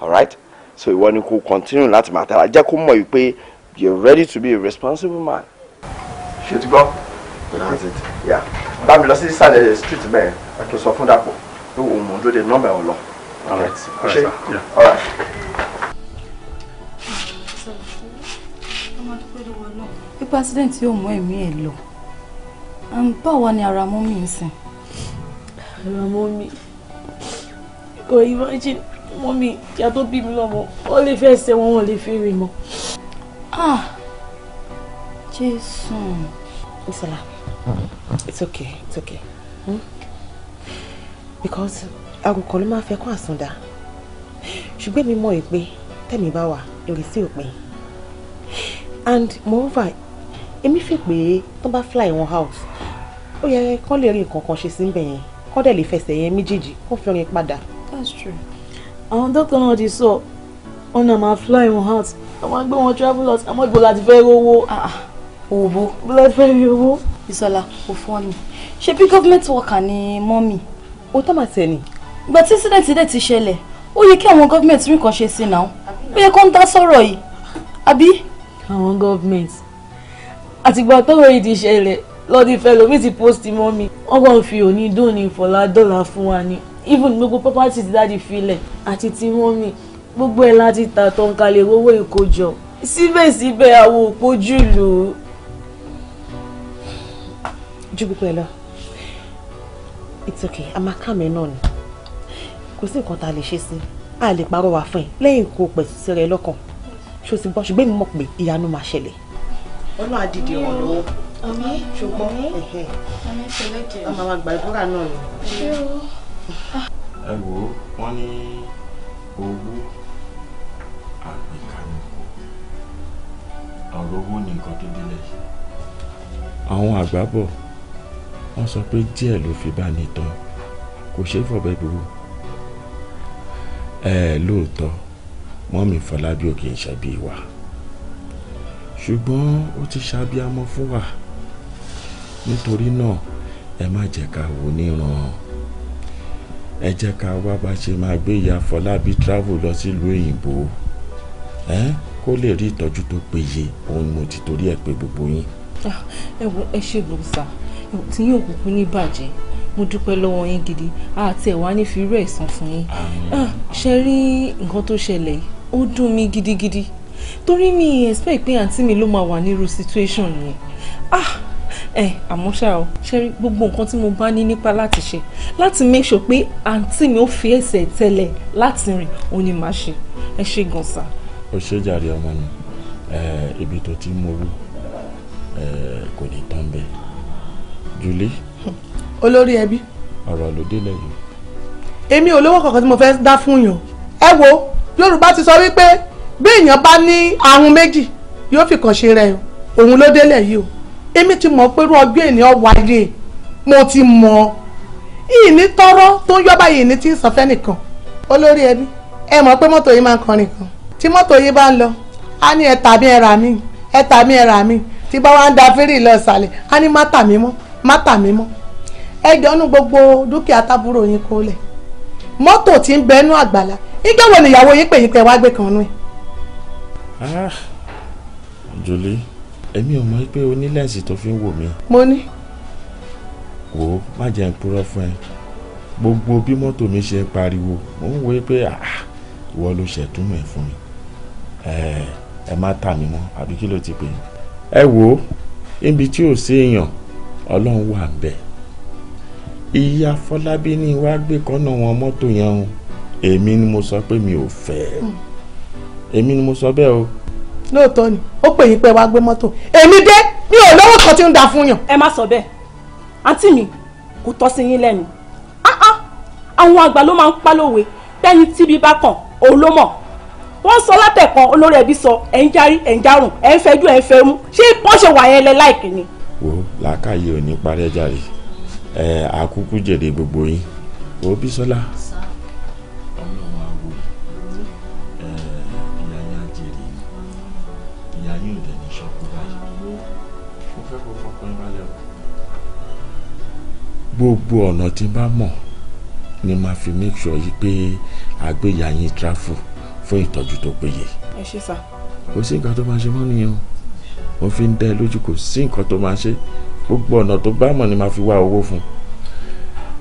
alright so ìwọ ni kò continue láti máa tara jẹ́ kó mọ̀ yìí pé you're ready to be a responsible man. ṣé ti gbọ́? that's it. bá mi lọ sí sísàlẹ̀ street bẹ́ẹ̀ kí n sọ fún dàpọ̀ pé òun mò ń dúró de nọ́mbà ẹ̀ ọ̀ lọ. All right. All right, sir. Yeah. All right. Pípa accident yóò mú ẹ̀mí ẹ̀ lọ. Báwo ni ara mọ́mí ń sìn? Ara mọ́mí. Kò imagine mọ́mí ìyá tó bí mi lọ́mọ. Wọ́n lè fẹ́ ṣe wọn, wọ́n lè fẹ́ rìn mọ́. Ah! Jésù. Ìsọ̀lá, it's okay, it's okay. Hmm? Because àgùkọ ló máa ń fẹkún àsundà ṣùgbọ́n mi mọ̀ ẹ́ pé tẹ̀mí bá wà lórí sí òpin and moreover èmi fi pé tó bá fly wọn out ó yẹ kán lè rí nǹkan kan ṣe sí ibẹ̀ yẹn kán dẹ̀ lè fẹsẹ̀ yẹn méjèèjì kó fi orin padà. that's true àwọn dókítà náà ti sọ wọn náà máa fly wọn out àwọn máa gbé wọn travel out àmọ́ ìgbò láti fẹ́ rówó òwò ìgbò láti fẹ́ rí owó. Ìṣọ̀lá ah, ah, kò fọ́ ni ṣebí gọ́ọ̀mẹ̀ntì wọ̀kà ni mọ́mì. o tó máa tẹ̀ ni ìgbà tí incident dẹ̀ ti ṣẹlẹ̀ ó yẹ kí àwọn gọ́ọ̀mẹ̀ntì rí nǹkan ṣe sí náà ó yẹ kó ń dá sọ̀rọ̀ yìí àbí. àwọn gọ́ọ̀mẹ̀ntì àtìgbà tọ́rọ̀ yìí ti ṣẹlẹ̀ lọ́dí fẹ́lẹ̀ omi ti post mọ́ mi wọ́n kàn fi òní dóòní ìfọ̀lá dọ́là fún wa ni even gbogbo property ti dáàdi filẹ̀ àti ti wọ́n mi gbogbo ẹ̀ láti ta tọ́ǹkalẹ̀ owó ìkójọ síbẹ̀síbẹ̀ àwọn òpójú lò ó. ju gbogbo ẹ lọ it's okay àmàkà mi náà ni kò sí nǹkan tá a lè ṣe sí a lè parọ́wà fún ẹ lẹ́yìn kó pẹ̀sì sí rẹ lọ́kàn ṣó ti gbọ́ ṣùgbọ́n èmi mọ̀ pé ìyanu máa ṣẹlẹ̀ ọlọ́run àdìdì wọn lọ́wọ́ ṣùgbọ́n a máa gba ìbúra náà lọ. ẹ wo wọn ní owó àgbékalẹ̀ ọ̀rọ̀ owó ni nǹkan tó délẹ̀ yìí. àwọn àgbà bọ̀ wọ́n sọ pé díẹ̀ ló fi bá ní tán kò ṣeé fọ̀bẹ gbòòrò ẹ lóòótọ́ mọ́mì Fọlábí ò kì í ṣàbí wa ṣùgbọ́n ó ti ṣàbíamọ́ fún wa nítorí náà ẹ má jẹ́ ká wò níran ẹ jẹ́ ká wá bá ṣe máa gbé ìyá Fọlábí travel lọ sílùú òyìnbó ẹ kó lè rí ìtọ́jú tó péye òun ni mo ti torí ẹ̀ pé gbogbo yín. Ah, ẹ wo ẹ ṣe gbòòsà tí yóò kúkú ní bàjẹ́ mo dúpẹ́ lọ́wọ́ yín gidi àti ẹ̀wá ní fi irú ẹ̀sán fún yín ah, ṣe rí nǹkan tó ṣẹlẹ̀ yìí ó dùn mí gidigidi torí mi expect pé àǹtí mi ló máa wà nírú situation yẹn ah ẹ àmọ́ ṣá o ṣe rí gbogbo nǹkan tí mo bá ní nípa láti ṣe láti make sure pé àǹtí mi ó fi ẹsẹ̀ tẹ́lẹ̀ láti rìn òun ni màá ṣe ẹ ṣe gan sa. ó ṣe jàre ọmọ mi ibi tó ti mú rú kò ní tán bẹ́ẹ̀ Julie olórí ẹbí. ọ̀rọ̀ ló délẹ̀ yìí. èmi ò lówó kankan tí mo fẹ́ dá fún yàn ẹ wo yorùbá ti sọ wípé bí èèyàn bá ní ahun méjì yóò fi kàn ṣe rẹ o òun ló délẹ̀ yìí o èmi ti mọ̀ pé irú ènìyàn wáyé mo ti mọ̀ ìní tọrọ tó ń yọba ìní tí ń sọ fẹ́ nìkan olórí ẹbí ẹ mọ̀ pé mọ́tò yìí máa ń kọrin kan tí mọ́tò yìí bá ń lọ á ní ẹ tàbí ẹ rà mí ẹ tàbí ẹ rà mí tí bá wá ń da fírì lọ sàlẹ̀ á ní má tà mí mọ́ má tà mí mọ́ ẹjọ́ nu gbogbo dúkìá tábúrò yín kó lẹ̀ mọ́tò tí ń bẹnu àgbàlá ìgbà wo nìyàwó yín pè yín pé wá gbé kan nú ẹ̀. ah Julie èmi ò mọ̀ pé o ní lẹ́ǹsì tó fi ń wò mí. mo ní. wò ó má jẹ́ ń purọ́ fún ẹ gbogbo bí mọ́tò mi ṣe pariwo mo ń wòye pé ah, ah, ìwọ ló ṣètúmọ̀ ẹ̀ fún mi eh, ẹ má tà mí mọ́ àbí kí ló ti pè é. ẹ wò ó níbi tí ò sí èèyàn ọlọ́run wà ń ìyá Afọlábí ní wàá gbé kọ́nà wọn mọ́tò yẹn o èmi ni mo sọ pé mi ò fẹ́ hmm. èmi ni mo sọ bẹ́ẹ̀ o. lóòótọ́ ni ó pè yín pé wàá gbé mọ́tò èmi dé mi ò lówó kan tí ń da fún yàn. ẹ má sọ bẹ́ẹ̀ àǹtí mi kò tọ́ sí yín lẹ́nu ah, ah, àwọn àgbà ló máa ń pálówe tẹ́ni tíbi bá kàn òun ló mọ̀ wọ́n sọ látẹ̀kọ́ olórí ẹbí sọ ẹ̀ ń járí ẹ̀ ń járùn ẹ̀ ń fẹ́jú ẹ̀ ń fẹ́mú ṣé bọ́n wà yẹn lẹ láìkì ni. wo làákàyè ò ní parẹ́ járe ẹ àkúkú jèrè gbogbo yín òbí sọlá ọlọ́run àwò mo fẹ́ kó fọkùnrin balẹ̀ o. gbogbo ọ̀nà tí n bá mọ̀ ni màá fi make sure yìí pé àgbéyà yín tráfù fún ìtọ́jú tó péye. ẹ ṣe sá. kò sí nǹkan tó máa ṣe mọ́ nìyẹn o mo fi ń dá lójú kò sí nǹkan tó máa ṣe gbogbo ọ̀nà tó bá mọ̀ ni màá fi wá owó fún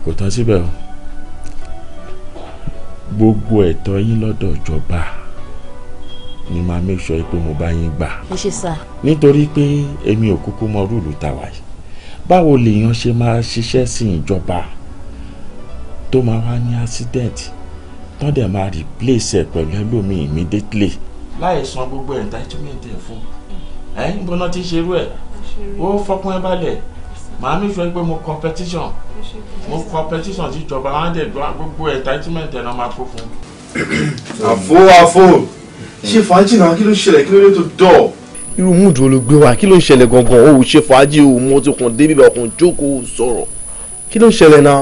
kò tán síbẹ̀ o gbogbo ẹ̀tọ́ yín lọ́dọ̀ ìjọba ni màá make sure pé mo bá yín gbà. ẹ ṣe sá. nítorí pé èmi ò kúkú mọ rúùlù tàwa yìí báwo lèèyàn ṣe máa ṣiṣẹ́ sí ìjọba tó máa wá ní accident tán dẹ̀ máa replace ẹ̀ pẹ̀lú ẹlòmíì immediately. láì san gbogbo entitlement ẹ̀ fún ẹ̀ ń gbóná tí ṣerú ẹ̀ ó fọkàn ẹ balẹ̀ màá mi fẹ́ pé mo competition mo competition síjọba hundred gbogbo entitlement ẹ̀ náà máa kó fún. àfo àfo ṣe fàájì náà kí ló ṣẹlẹ̀ kí ló lè tó dọ̀ irú múùdù ló gbé wa kí ló ń ṣẹlẹ̀ gangan o ò ṣe fàájì o mo ti kàn débi ọkàn jókòó sọ̀rọ̀ kí ló ń ṣẹlẹ̀ náà.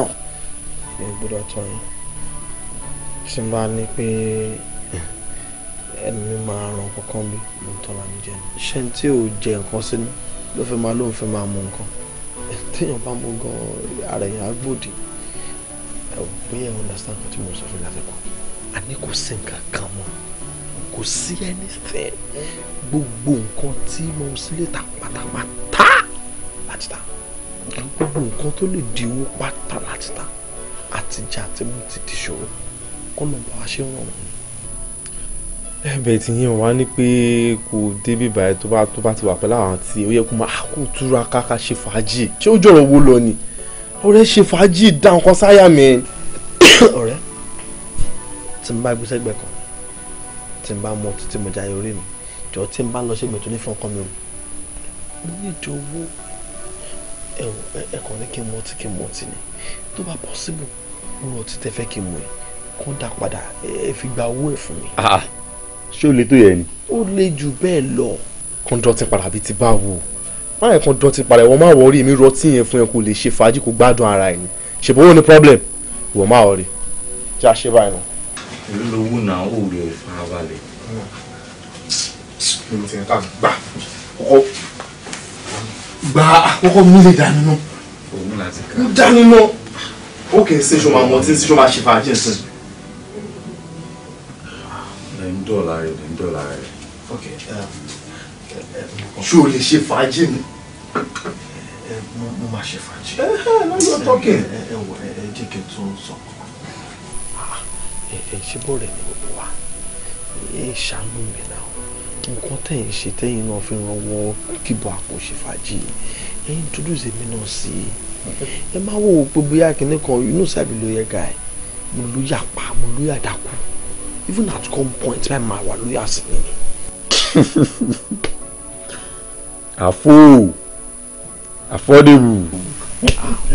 ẹ gbọ́dọ̀ tán yín ṣe bá ní pé ẹni mi máa ràn kankan bí mo tọ́ra mi jẹ ṣé tí ò jẹ nǹkan sínú ló fẹ́ máa lóun fẹ́ máa mú nǹkan téèyàn bá mú gan ara èèyàn á gbòdì ẹ ò bóyá ẹ understand nǹkan tí mo sọ fún látẹ̀kọ́ àní kò sí nǹkan kan mọ́ kò sí anything gbogbo nǹkan tí mo sílẹ̀ ta pátápátá láti ta gbogbo nǹkan tó lè di owó pátá láti ta àtijọ́ àti mú ti dìṣòro kọ́ ló ń bá wa ṣe ń rọrùn ẹ̀bẹ̀ tí yẹn wá ní pé kò débi báyìí tó bá tó bá ti wà pẹ̀lú àwọn àti ó yẹ kó máa ah, kó túra káka ṣe fàájì ṣé ó jọ̀rọ̀ wo lọ ni ọ̀rẹ́ ṣe fàájì dá nǹkan sáyà mi. ọ̀rẹ́ tí n bá gbé sẹ́gbẹ̀ kan tí n bá mọ títí mo jáde orí mi jọ tí n bá lọ sẹ́gbẹ̀ tó ní fún ọkàn mi o mo ní ìjọwọ́ ẹ̀kọ́ ní kí n mọ tí kí n mọ tí ni tó bá possible mo rò títẹ fẹ́ kí n mọ ẹ̀ kó dà padà ẹ fi gba owó ẹ̀ fún mi. Ah, ṣé o lè tó yẹ ni. ó lè jù bẹ́ẹ̀ lọ. kàn dọ̀tí padà bíi ti báwo báyẹn kàn dọ̀tí padà ìwọ máa wọrí èmi rọtí yẹn fún ẹ kó lè ṣe fàájì kó gbádùn ara ẹ ni ṣèbó wo ni problem ìwọ máa wọrí ṣé a ṣe báyìí nà. èmi ló wù náà ó rè é farabalẹ̀. èmi ti ń ká gbà kọ́kọ́ gbà kọ́kọ́ mi lè dání nù. òun láti ká. dání nù. ó kì í ṣe ṣo máa mọtí ṣe ṣo máa ṣe fàájì ẹ̀sìn dọ̀la rẹ̀ ní dọ̀la rẹ̀. Um, um, um, ṣé o lè ṣe fàájì ni. Eh, eh, mo máa ṣe fàájì. ẹ ẹ lọ́yọ̀ tọ́kẹ̀. ẹ wọ ẹ jẹ́ kí n tún sọ. ẹ ah, eh, ṣe bó rẹ̀ ni gbogbo wa ẹ ṣàánú mi náà nǹkan tẹ̀yìn ṣe tẹ̀yìn náà fi ràn wọ́n kíbo àpò ṣe fàájì ẹ introduce mi náà sí i ẹ má wo gbogbo yá kinní kan you sábì ló yẹ guy mo ló pa mo ló yà dákú even at gunpoint láì máa wà lórí àsìmí ni. àfo affordable.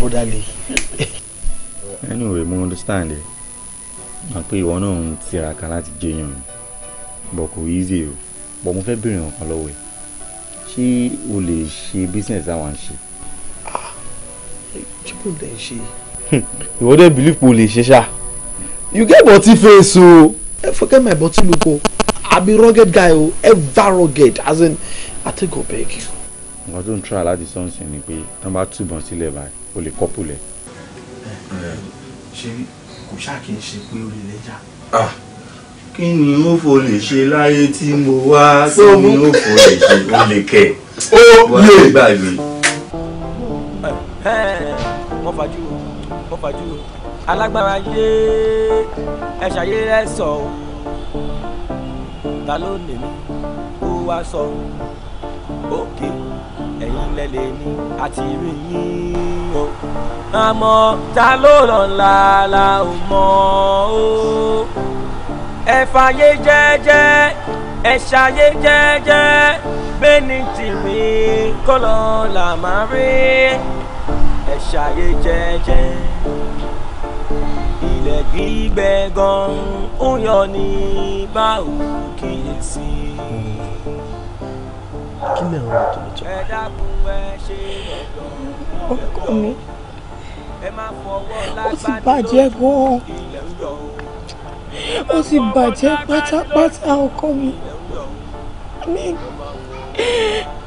orderly. anyway mo understand ẹ mọ̀ pé ìwọ náà ń tiraka láti jẹyàn mi bọ̀ easy o bọ̀ mo fẹ́ bèrè nǹkan lọ́wọ́ ẹ̀ ṣé o lè ṣe business àwọn à ń ṣe. ṣé kò dẹ̀ ṣe. ìwọ́dẹ̀ believe pé o lè ṣe ṣá you get body face o. So forget my bottle look o i be rugged guy o ever rugged as in i take go beg you. nǹkan tó ń try aláàdì sọ́ọ̀sì ni pé tí wọ́n bá túbọ̀ sílẹ̀ báyìí o lè kọ́ pulẹ̀. Eh, eh, ṣé kò ṣáà kí n ṣe pé ó lè lẹ́jà. Ah, kí ni ó fò lè ṣe láyé tí mo wá kí ni ó fò lè ṣe ó lè kẹ̀ ó lè gbàgbé. Eh, mo fàájú mo fàájú alágbára yé ẹ ṣàyé ẹ sọ o ta ló lè mí kó wá sọ òkè ẹ̀yin lẹ́lẹ̀ ní àti rí yín o àmọ́ ta ló lọ́la la ò mọ̀ o ẹ fàyè jẹ́jẹ́ ẹ ṣàyè jẹ́jẹ́ bẹ́ẹ̀ni tìmí kọ́ lọ́la máa rí ẹ ṣàyè jẹ́jẹ́ ilẹ̀ gbígbẹ gan-an ó yọ ní báwo kíyèsí. kí ni àwọn ètò ìjọba. ẹ dákun ẹ ṣe ọkọ mi ó ti bàjẹ́ gan-an ó ti bàjẹ́ pátápátá ọkọ mi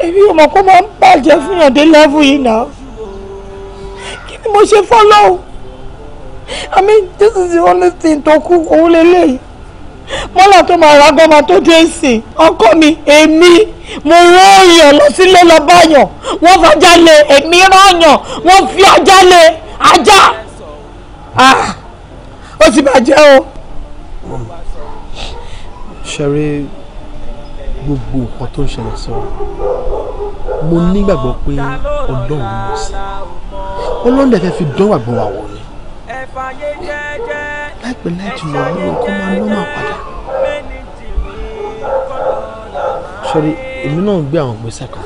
èmi ò mọ̀ kó máa ń bàjẹ́ fún yàn dé level yìí náà kí ni mo ṣe fọ́lọ́ọ̀. I mean, this is the only thing to cook. òun lélẹ́yìí. Mọ́là tó máa ra gọ́mà tó dé ìsìn. Ọkọ mi, èmi, mo rọ́ọ̀yàn lọ sílé lọ báyàn. Wọ́n fajá lé èmi rọ́ọ̀yàn. Wọ́n fi ajá lé ajá. Ah, ó ti bàjẹ́ o. Ṣẹ̀rí gbogbo nǹkan tó ń ṣẹlẹ̀ sọ mo nígbàgbọ́ pé ọlọ́run ló sí ọlọ́run dẹ̀ fẹ́ fi dánwà gbọ́ wa wọ̀ láìpẹ́ láì jìnnà ọ̀rọ̀ kó máa nọ́mà padà. sọ́rí èmi náà gbé àwọn ìgbésẹ̀ kan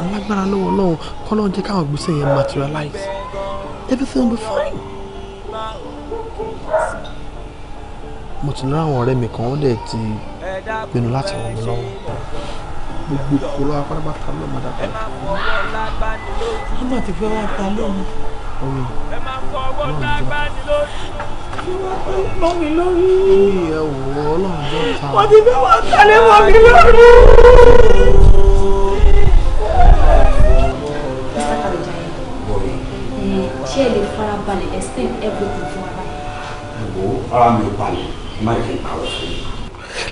àwọn agbára lọ́wọ́ ọlọ́run kọ́ ló ń jẹ́ káwọn ìgbésẹ̀ yẹn materialize everything will be fine. mo ti ní àwọn ọ̀rẹ́ mi kan wọ́n dẹ̀ ti pinnu láti ràn mí lọ́wọ́ gbogbo kòló apárápátá ló máa dàgbà. wọ́n máa ti fẹ́ wá ta lóhùn ẹ máa fọ ọwọ́ lágbá ni lórí. mọ́ mi lórí. ẹ wò ó ọlọ́run jọ ta. wọ́n ti fẹ́ wọ́n sálẹ̀ mọ́ mi lórí. ṣé ẹ lè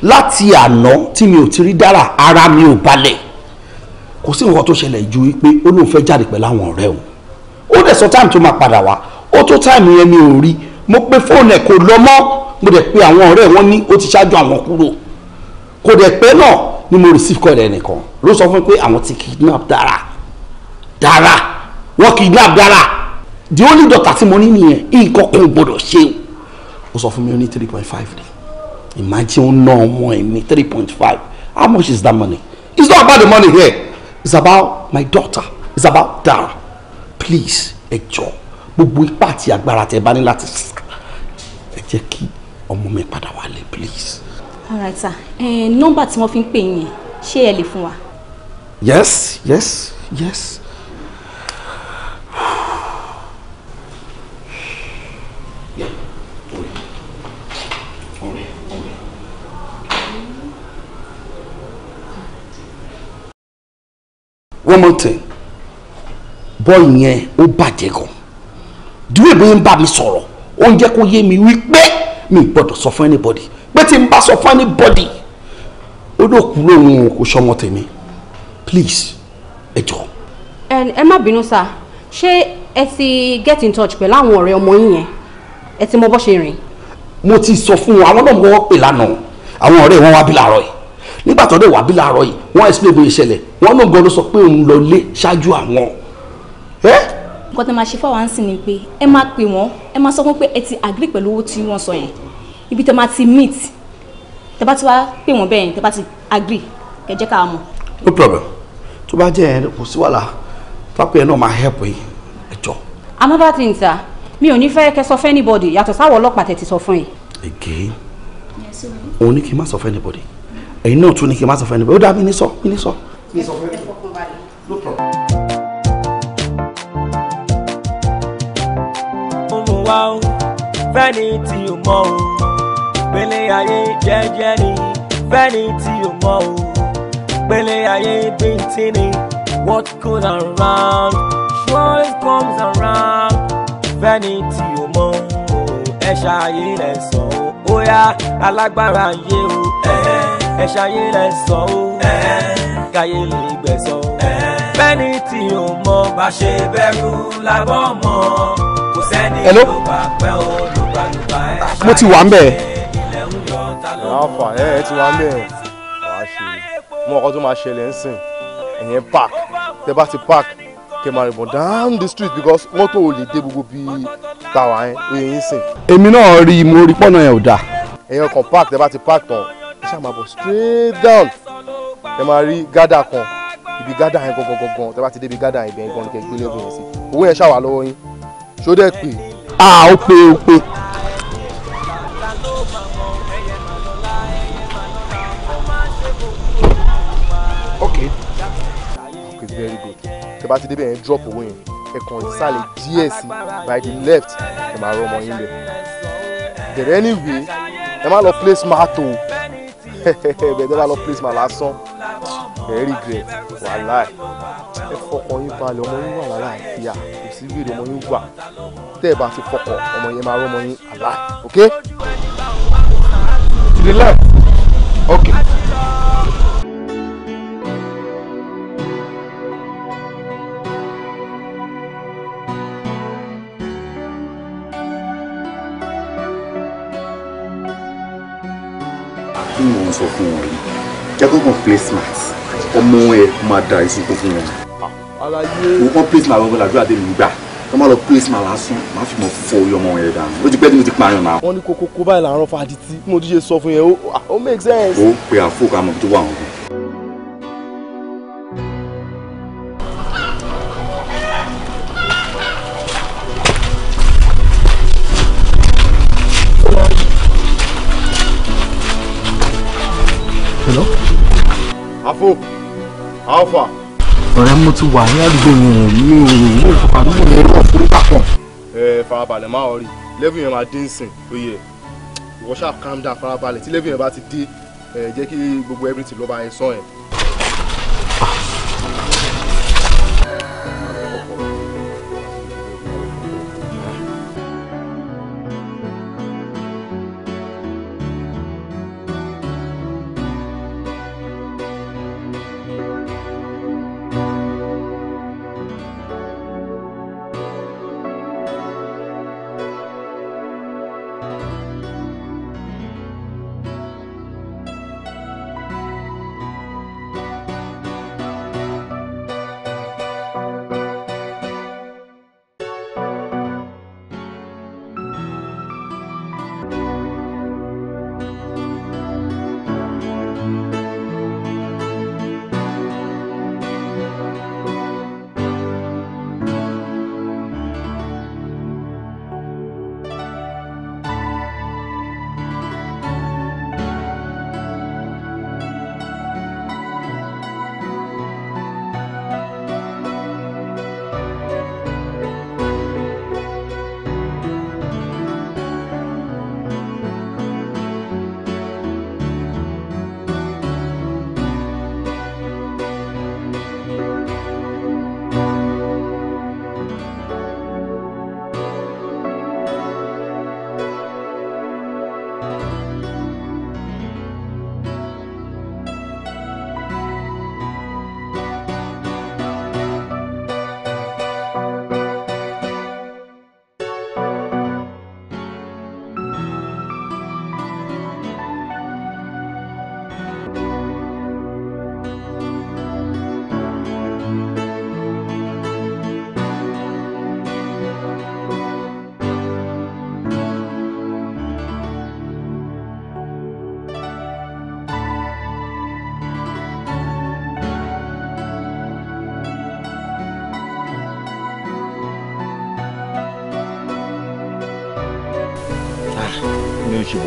láti àná tí mi ò ti rí dára ara mi ò balẹ̀ kò sí nǹkan tó ṣẹlẹ̀ ju wípé ó lóun fẹ́ jáde pẹ̀lú àwọn ọ̀rẹ́ òun ó dẹ̀ sọ táìmù tó máa padà wá ó tó táìmù yẹn mi ò rí mo pe fóònù ẹ̀ kò lọ mọ́ mo dẹ̀ pe àwọn ọ̀rẹ́ wọn ní ó ti ṣáájú àwọn kúrò kò dẹ̀ pẹ́ náà ni mo receive call ẹnìkan ló sọ fún mi pé àwọn ti kidnap Dara Dara wọ́n kidnap Dara the only doctor tí mo ní nìyẹn nǹkan kan gbọ́dọ̀ ṣe o ó sọ fún mi ó ní three point five ni imagine ó ná ọmọ ẹ̀ ní three point five how much is that money it's not about the money here it's about my daughter it's about Dara please ẹ jọ̀ọ́ gbogbo ipá àti agbára tẹ bá ní láti ẹ jẹ́ kí ọmọ mi padà wálé please. alright sir nọ́mbà tí wọ́n fi ń pè yín ṣé ẹ lè fún wa. yes yes yes. One more thing bọ́ọ̀lù yẹn ó bàjẹ́ gan dúró ìbí ń bá mi sọ̀rọ̀ ó ń jẹ́ kó yé mi wípé mi gbọ́dọ̀ sọ fún anybody pé tí n bá sọ fún anybody ó ló kú lóhun kò sọmọ tèmi please ẹ jọ. ẹ má bínú sá ṣé ẹ ti get in touch pẹ̀lú àwọn ọ̀rẹ́ ọmọ yín yẹn ẹ ti mọ bó ṣe rìn. mo ti sọ fún wọn àwọn ọlọ́mọ wọn pè lánàá àwọn ọ̀rẹ́ wọn wá bí làárọ̀ yìí nígbà tó dé wà bí làárọ̀ yìí wọ́n explain bí ìṣẹ̀lẹ̀ wọ́n lóun gan ló sọ pé òun lọ lé ṣáájú àwọn Eh? nǹkan tẹ́ máa ṣe fáwọn àǹsìn ni pé ẹ máa pè wọ́n ẹ máa sọ fún pé ẹ ti agree pẹ̀lú owó tí wọ́n sọ yẹn ibi tẹ́ máa ti meet tẹ́ bá ti wá pè wọ́n bẹ́ẹ̀ yẹn tẹ́ bá ti agree kẹ́ jẹ́ ká mọ̀. no problem tó bá jẹ́ ẹ̀ kò sí wàhálà pápẹ́ náà máa help yìí ẹjọ́. another thing sir mi ò ní fẹ́ kẹ́ sọ fún anybody yàtọ̀ sáwọ́ ọlọ́pàá tẹ̀ ti sọ fún yìí. again òun ní kí n má sọ fún anybody ẹ̀yin náà tún ní kí n má sọ fún anybody ó dá mi ní sọ mi ní sọ. ẹ fọkàn balẹ̀. wá o fẹ́ni tí o mọ̀ o ìpele ayé jẹ́jẹ́ ni fẹ́ni tí o mọ̀ o ìpele ayé bíntín ni what goes around sure comes around fẹ́ni tí o mọ̀ o ẹ ṣàyè rẹ̀ sọ o ó yá alágbára ayé o ẹ ṣàyè rẹ̀ sọ o káyé lè gbẹ̀sọ̀ fẹ́ni tí o mọ̀ bá ṣe bẹ̀rù làbọ̀ mọ̀ hello mo ti wà ń bẹ̀. alfa ẹ ẹ ti wà ń bẹ̀ wàá ọkọ tó máa ṣẹlẹ̀ ń sìn ẹ̀yẹn park tẹ bá ti park kẹ máa rìbọn down the street because mọ́tò ò lè dé gbogbo bíi tàwa yẹn ó yín sìn. èmi náà rí i mo rí pọ́nà yẹn ò dáa. ẹ̀yẹn kan park tẹ bá ti park tán ẹ ṣáà máa bọ̀ straight down ẹ máa rí gádà kan ibi gada yẹn gangan gangan tẹ bá ti débi gádà yẹn ibẹ̀ gangan kẹ gbélé ọ̀gbìn yẹn sí owó yẹn ṣáà wà lọ́wọ́ yín ṣó dẹ̀ pé a ó pé ó pé. okay okay very good tẹ bá ti débẹ̀ yẹn drop owó yẹn ẹ kàn sálẹ̀ díẹ̀ sí by the left ẹ máa rọ ọmọ yín lẹ̀ there anyway ẹ má lọ place màá tó ẹ bẹ̀ẹ́ dẹ́ bá lọ place màá lásán. Very great wàhálà ẹ fọkàn yín balẹ̀ ọmọ yín wà lálàáfíà kò sí wèrè ọmọ yín wà tẹ́ ẹ bá fi fọkàn ọmọ yẹn máa rọ́mọ yín àlá ok. to the left okay. kí ni mò ń sọ fún wọn yìí jẹ́ kó kàn ọmọ ẹ máa da ìsìnkú fún wọn. wọ́n pèsè màá lọ́wọ́ làdúrà dé mi gbà tó máa lọ pèsè màá lásán màá fi mọ fọ orí ọmọ yẹn dànù ó ti pẹ́ tí mo ti pààyàn náà. wọ́n ní kókó kó báyìí làárọ̀ fàdí tí mo ti ṣe sọ fún yẹn ó make sense. ó pe àfọkàmọ́ tó wà wọn. àfò àfà. ọ̀rẹ́ mo ti wà ní àdúgbò yẹn mi ò ní ìfọ̀kà àdúgbò yẹn lọ́wọ́ fún ìpàkọ́. ẹ farabalẹ̀ máa rí lẹ́bùn yẹn máa dé nsìn oyè ìwọ ṣáà calm down farabalẹ̀ tí lẹ́bùn yẹn bá ti dé jẹ́ kí gbogbo everything lọ́ba yẹn sàn yẹn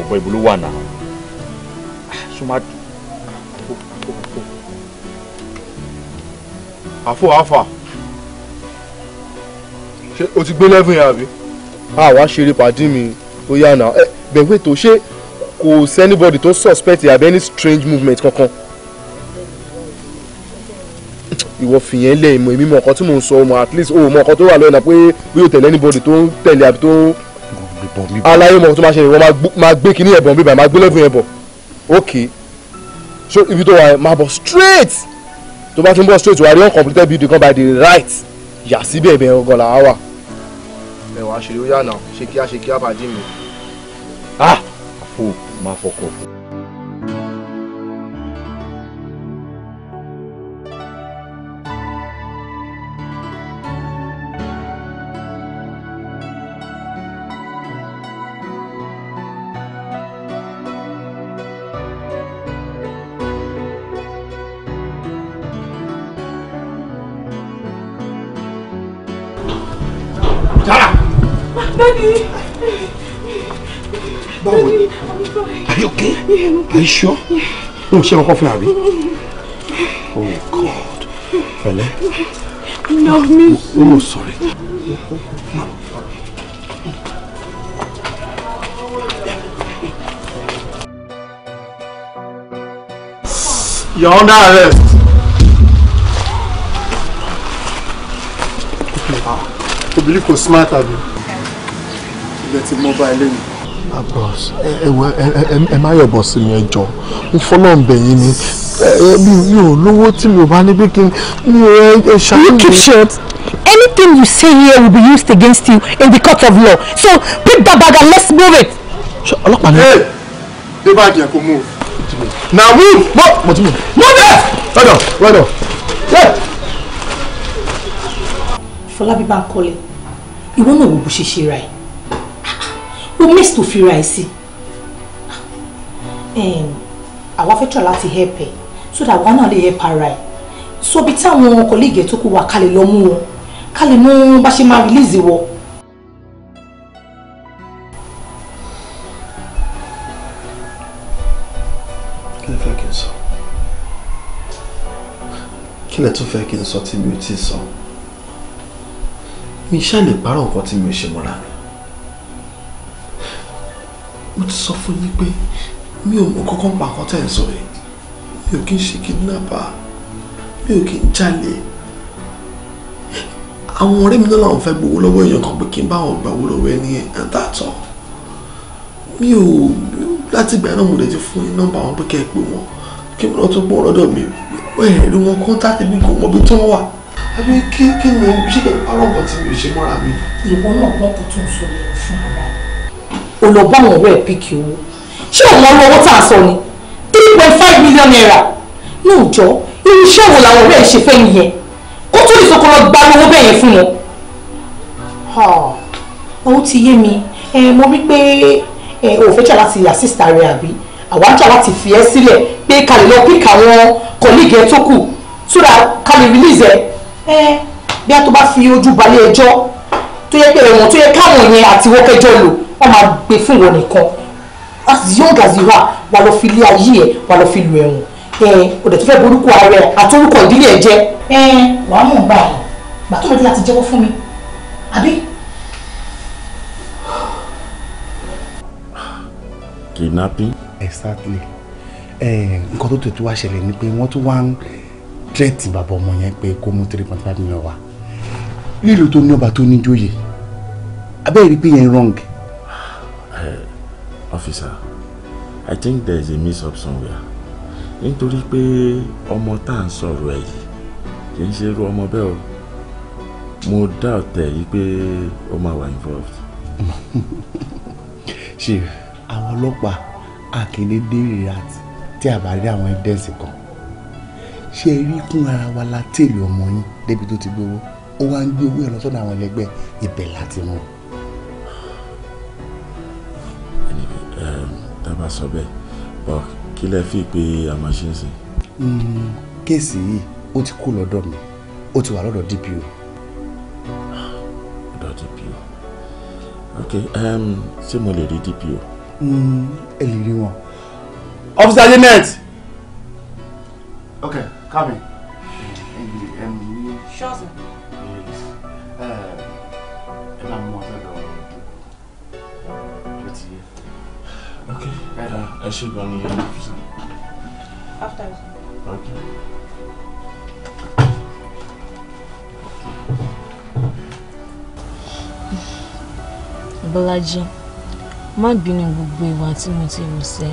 bọ̀ ibo ló wà náà ṣó má dùn. àfọ àfà ṣé o ti gbé lẹ́fún yẹn àbí. a wá ṣeré pàdé mi ó yà náà ẹ bẹ̀wé tó ṣe kò sẹ́nibọ́dì tó suspect àbẹ́ any strange movement kankan. ìwọ fìyẹn lẹ ìmọ̀ èmi mọ̀ ọ̀kan tí mò ń sọ ọmọ at least o mọ̀ ọ̀kan tó wà lọ́yìn náà pé bí o tẹ̀lé anybody tó ń tẹ̀lé àbí tó ń gbébọn mi bọ. aláyé mọ̀ tó máa ṣe ìwọ máa gbé kíní ẹ̀bọ̀n bíbà máa gbé lẹ́bùn ẹ̀bọ̀n okay so ibi tó wà ẹ̀ máa bọ̀ straight tó bá tún bọ̀ straight wà rí uncompleted building kan by the right yà síbẹ̀ ẹ̀bẹ̀ ọgàn làá wà. ẹ wàá ṣe ó yà náà ṣe kíá ṣe kíá bàjẹ́ mi. ah àfo máa fọkọ̀ fún. Are you sure? N ò ṣe kankan fún àbí? Oh God. Pẹ̀lẹ́. No, miss. Oh, no, sorry. No. You're under arrest. Ah, I believe you're smart, Abby. Let mobile in boss ẹwẹ ẹ má yọ̀ bọ̀ mi ẹjọ́ n fọlọ́ ń bẹ̀ yín ni mi ò lówó tí mi ò bá níbí kí mi ò ẹ ṣàlùmí. you keep short anything you say here will be used against you in the court of law so pick that bag and let's move it. ṣe ọlọ́pàá ni. ee bí bá jẹ kó mú o. na move mo mo ti mú mo dẹ. rọdọ rọdọ. Fọlábí Bankole ìwọ náà wo bó ṣe ṣe ra ẹ gbogbo mess tó fi ra ẹ̀ sí àwa fẹ́ tọ̀ láti help ẹ̀ so that àwa náà lè help ara ẹ̀ so bí táwọn colleague ẹ̀ tó kù wà ká lè lọ mú wọn ká lè mú bá ṣe máa release wọ. kí lẹ tún fẹ́ kí n sọ tí mi ò tí ì sọ mi ṣáà lè parọ́ nǹkan tí mi ò ṣe mọ́ra mi mo ti sọ fún yín pé mi ò mọ kọ́kọ́ pa nǹkan tẹ̀ ń sọ yìí mi ò kí ń ṣe kidnapper mi ò kí ń jalè àwọn ọ̀rẹ́ mi náà làwọn fẹ́ gbowó lọ́wọ́ èèyàn kan pé kí n bá wọn gbàwó lọ́wọ́ ẹni ẹ̀ ẹ̀ dàtọ̀ mi ò láti ìgbà náà mo lè ti fún yín nọ́mbà wọn pé kẹ́ ẹ pè wọ́n kí wọ́n tún pọ̀ lọ́dọ̀ mi ẹ̀rí wọn kọ́ńtàtì mi kò mọ ibi tó wà àbí kí kí ni ṣé kí n parọ́ nǹkan tí mi ò ṣe mọ́ra mi. ìwọ náà wọ́n kò tún sọ fún ara o lọ bá àwọn ọ̀rẹ́ ẹ̀ píkì owó ṣé òun ọlọ owó tá a sọ ni three point five million naira náà jọ irinṣẹ́ wo làwọn ọ̀rẹ́ ẹ̀ ṣe fẹ́ nìyẹn kó tó lè sọkọ lọ gba owó bẹ́ẹ̀ yẹn fún wọn. ó ti yé mi mo rí pé òfin jà láti àsìsítà rẹ àbí àwa jà láti fi ẹ́ sílẹ̀ pé ká lè lọ píkì àwọn kọ̀líìgì ẹ tó kù so that ká lè release ẹ bí a tó bá fi ojú balẹ̀ ẹjọ́ tó yẹ pé ẹ̀wọ̀n tó yẹ káwọn yẹn àti wọ́kẹ́jọ́ lò wọ́n máa gbé fún wọn nìkan as young as you are wà lọ fi ilé ayé ẹ̀ wà lọ fi lu ẹ̀wọ̀n ẹ̀ẹ́n o dẹ̀ tó fẹ́ borúkọ ààrẹ àtórúkọ ìdílé ẹ̀ jẹ́. ẹ̀ẹ́n wàá mọ̀ gbà yìí gbà tó bẹ̀rẹ̀ láti jẹ́wọ́ fún mi àbí. kidnapping. exactly nǹkan tó tètè wá ṣẹlẹ̀ ni pé wọ́n tún wá ń tírẹ̀tì bàbá ọmọ yẹn pé kó mú three point five million wá lílo tó ní ọba tó ní jóyè abẹ́rẹ́ rí pé yẹn wrong officer i think there is a mix up somewhere nítorí pé ọmọ tá à ń sọ̀rọ̀ ẹ̀ yìí kì í ṣe irú ọmọ bẹ́ẹ̀ o mo doubt ẹ̀ yìí pé ó máa wà involved. ṣe àwọn ọlọ́pàá àkéde béèrè àti tí a bá rí àwọn evidence kan ṣe rí kún ara wa la tèlé ọmọ yín débi tó ti gbowó ó wá ń gbé owó ẹ̀ lọ sọ́dọ̀ àwọn ẹlẹgbẹ́ ibẹ̀ láti mú un. dábàá ehm, sọ bẹ́ẹ̀ bọ́ kí lẹ fi pé a máa ṣe ń sìn. kéèsì yìí ó ti kú lọ́dọ̀ mi ó ti wà lọ́dọ̀ DPO. lọ́dọ̀ DPO ok ehm, ṣé mo lè rí DPO. Hmm, ẹ lè rí wọn. officer janet. okay come in. ẹ ṣe gan ni yẹn fi. after this. okay. Bọ́lájí má bínú gbogbo ìwà tí mo ti rò sẹ́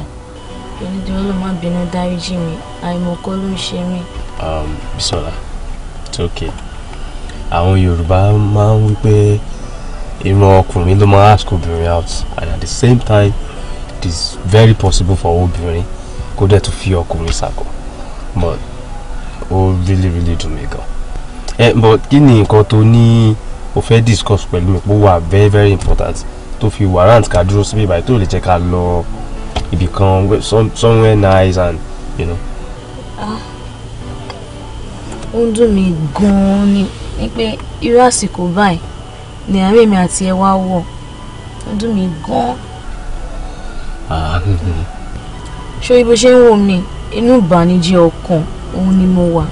onídìrí ló má bínú dáríjì mi àìmọ̀kọ́ ló ń ṣe mí. Um, Bisola it's okay àwọn Yorùbá máa ń wí pé irun ọkùnrin ló máa ask obìnrin out and at the same time it is very possible for obìnrin kó dẹ̀ tún fi ọkùnrin ṣàkọ but oh, really really dùn mí gan. ẹ but kí ni nǹkan tó ní o fẹ́ discuss pẹ̀lú mi pé ó wà very very important tó fi warrant ká dúró síbí ìbàdí tó lè jẹ́ ká lọ ibì kan somewhere nice and you know. Ah. ó ń dùn mí gan-an ni ni pé irú àsìkò báyìí ni àárẹ̀ mi àti ẹ wá wọ̀ ó dùn mí gan-an. Ah. ṣé bó ṣe ń wò mí inú ìbànújẹ́ ọkàn òun ni mo wà.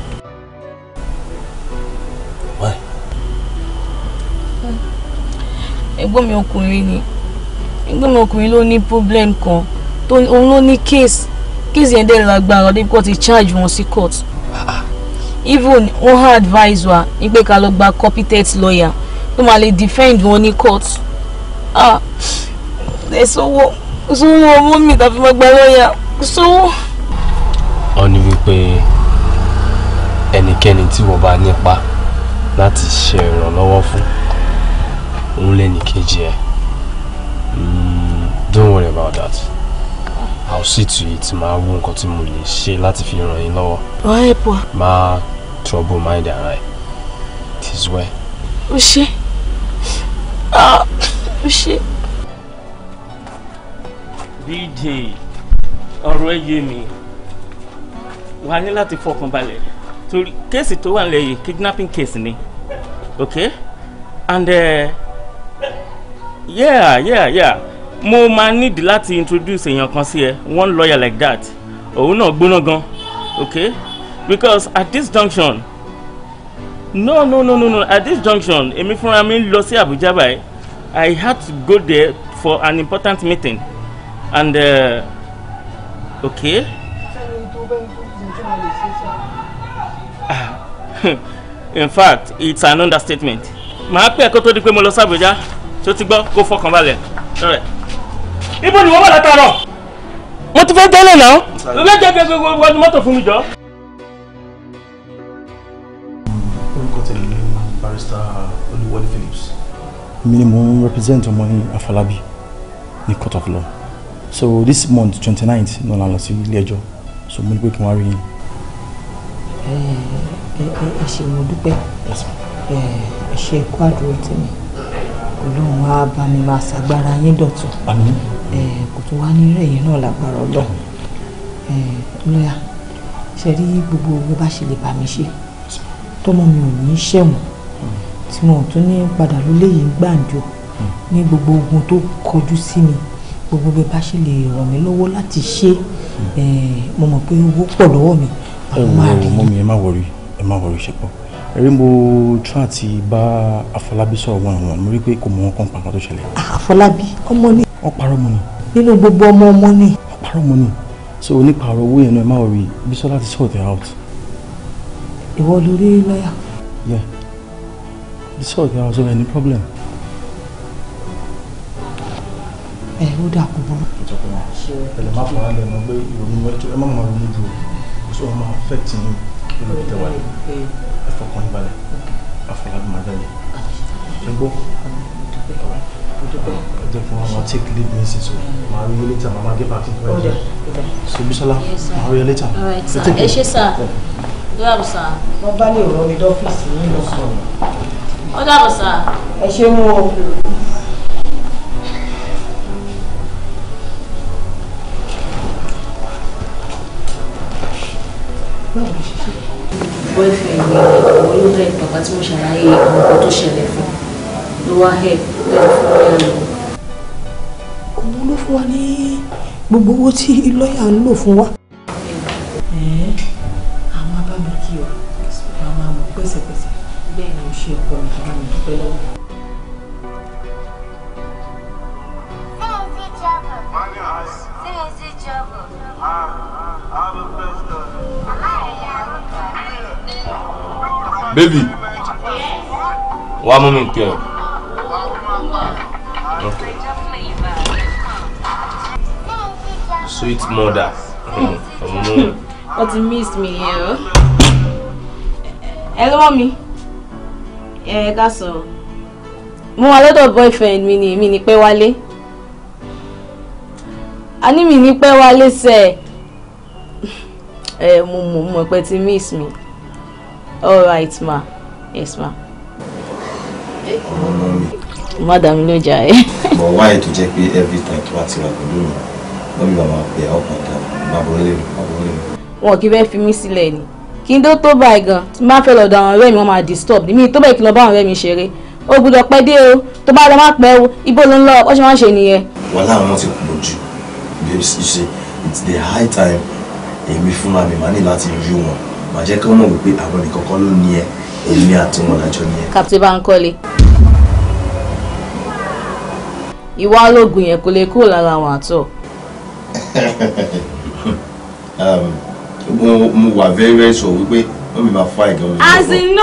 ẹ̀gbọ́n mi ọkùnrin ni ẹ̀gbọ́n mi ọkùnrin ló ní problem kan òun ló ní case case yẹn dẹ̀ lágbára débi kó ti charge wọn sí court even wọn hàn advise wa ní pé ká lọ gba competent lawyer tó máa lè defend wọn ní court ah ẹ sọ́wọ́. So, sówó owó mi tàbí máa gba lọ́ọ̀yà kò sówó. ọ ní wípé ẹnikẹ́ni tí wọ́n bá nípa láti ṣe ìrànlọ́wọ́ fún òun lẹ́nu kejì ẹ̀ hmm, don't worry about that i'll see to it máa wo nǹkan tí mo lè ṣe láti fi ràn yín lọ́wọ́. wàá ẹ̀ pọ̀. máa trouble mind ara ẹ̀ this way. ó ṣe ah, ó ṣe. BJ ọ̀rọ̀ ẹ yé mi wà á ní láti fọkàn balẹ̀ torí kéèsì tó wà lẹ́yìn kidnapping case ni ok and uh, yeah yeah yeah mo máa need láti introduce èèyàn kan sí ẹ one lawyer like that òun náà gbóná gan ok because at this junction no no no no no at this junction èmi fúnra mi lọ sí Àbújá báyìí I had to go there for an important meeting And uh, okay. In fact, it's an understatement. Màá pẹ́ kó tó di pé mo lọ sábòjá tó ti gbọ́ kó fọkàn balẹ̀. Ibo ni wọ́n wà látàárọ̀? Mo ti fẹ́ délé náà. Mo fẹ́ jẹ́ go wọnú mọ́tò fún mi jọ. Orúkọ tẹ̀lé ni barrister Olúwọlé Phillips. Mi ni mo ń represent ọmọ yín Afọlábí ní court of law so this month twenty ninth náà la lọ sí ilé ẹjọ́ so mo ní pé kí wọ́n rí yín. ẹ ẹ ṣe mo dúpẹ́ ẹ ṣe ẹ̀kọ́ àdúró tèmi ọlọ́run á bá mi eh ṣàgbára yín dọ̀tun kò tó wá ní rẹ̀yìn náà lágbára ọlọ́run lọ́yà ṣe rí gbogbo bó bá ṣe lè bá mi ṣe tọ́mọ mi ò ní í ṣẹ̀wọ̀n tí wọn ò tún ní padà lólè yìí gbogbo ogun tó kọjú sí mi gbogbo bẹ́ẹ̀ bá ṣe lè ràn mí lọ́wọ́ láti ṣe mo mọ̀ pé owó pọ̀ lọ́wọ́ mi àwọn máa rí i. mọ́mí ẹ má wọrí ẹ má wọrí ṣe pọ̀ ẹ̀rí mo tún àti bá Afọlábí sọ̀rọ̀ wọn àwọn mo rí pé kò mọ wọn kàn pa tó ṣẹlẹ̀. Ah, Afọlábí ọmọ ni. wọ́n parọ́ mọ́ ni. nínú gbogbo ọmọ ọmọ ni. wọ́n parọ́ mọ́ ni so nípa ọ̀rọ̀ owó yẹn náà ẹ má wọrí Bísọ́lá ti sort it out. ìwọ lórí lọ́yà. yeah Bísọ́lá ti sort it out so any problem. ẹ ó dà kó burú. ẹlẹ má fara lẹ mọ pé ìròyìn wọlé tó ẹ má mọ ronú ju kò sí ọmọ affect yín nínú ibi tẹ́ wà lẹ ẹ fọkàn yín balẹ̀ àfọlábí má dálẹ ẹ gbọ́ ọjọ́ fún wa máa take lead me sísọ máa rí yẹlẹ tà máa gé back to my job so bisola máa rí yẹlẹ tà ẹ ṣe sá dọ́làbù sá. wọ́n bá lè rọ mi dọ́fíìsì yín lọ sọ̀rọ̀. ó dàbọ̀ sá. ẹ ṣe mú o. boyfriend mi àwọn ló hẹ̀ bàbá tí mo ṣàlàyé àwọn nǹkan tó ṣẹlẹ̀ fún ló wá hẹ̀ lẹ́yìn fún lọ́yà lọ. òun ló fún wa ní gbogbo owó tí lọ́yà ń lò fún wa. àwọn abámi kí ọ àwọn amọ̀ pẹ̀sẹ̀pẹ̀sẹ̀ bẹ́ẹ̀ ni mo ṣe ọkọ mi bá mi dúpẹ́ lọ́wọ́. baby one moment, mi pè sweet mother but you missed me yẹn oh. Hello, mommy. lọ́wọ́ that's all. ká sọ mo wà lọ́dọ̀ boyfriend mi ni mi ni pẹ́ wálé a ní mi ni pẹ́ wálé sẹ́ẹ̀ ẹ mo mọ̀ pé ti miss me all right ma yes ma. má dà mí lójà but why to check me every time tó bá ti wà pẹ̀lú mi wọ́n mi bàbá pè ọ́ padà bàbá olè mi bàbá olè mi. wọn kì í fẹ́ fi mí sílẹ̀ ni kí n to tó gan tí n bá fẹ́ lọ́dọ̀ àwọn ọ̀rẹ́ mi wọ́n máa disturb mi tó bẹ́ẹ̀ kí n lọ bá àwọn ọ̀rẹ́ mi ṣeré o gbọ́dọ̀ pẹ́ dé o tó bá lọ má pẹ́ o ibo ló ń lọ ọ ṣe máa ń ṣe nìyẹn. ti pọ̀ jù you see it's the high time èmi fúnra mi máa ní láti rí wọn màá jẹ́ kí wọ́n mọ̀ wípé àwọn nìkan kan ló ní ẹ èmi àti wọn làjọ ní ẹ. Captain Bankole ìwà ológun yẹn kò lè kúrò lára àwọn àtọ. Um, mo wà very very sure wípé wọ́n mi máa fọ́ àìgàn mi. as in no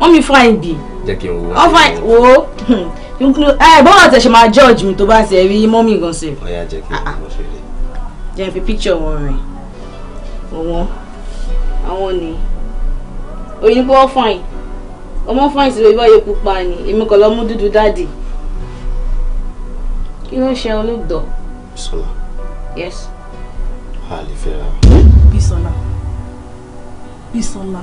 wọ́n mi fọ́ àìbì. jẹ́ kí n wo. wọ́n fọ́ àì wo eh, bọ́lá tẹ̀ ṣe máa judge mi tó bá ṣe rí mọ́mì gan ṣe. ọ̀ya jẹ́ kí n wo ah, ah. ṣe lè. jẹ́ n fi picture wọn rìn wọ́n àwọn ni òyìnbó fine ọmọ fine sí òyìnbó yẹ pupa ni èmi kò lọ mú dúdú dáàdì kí ló ṣe olóògbọ. bisola. yes. a lè fẹ́ ra. bisola bisola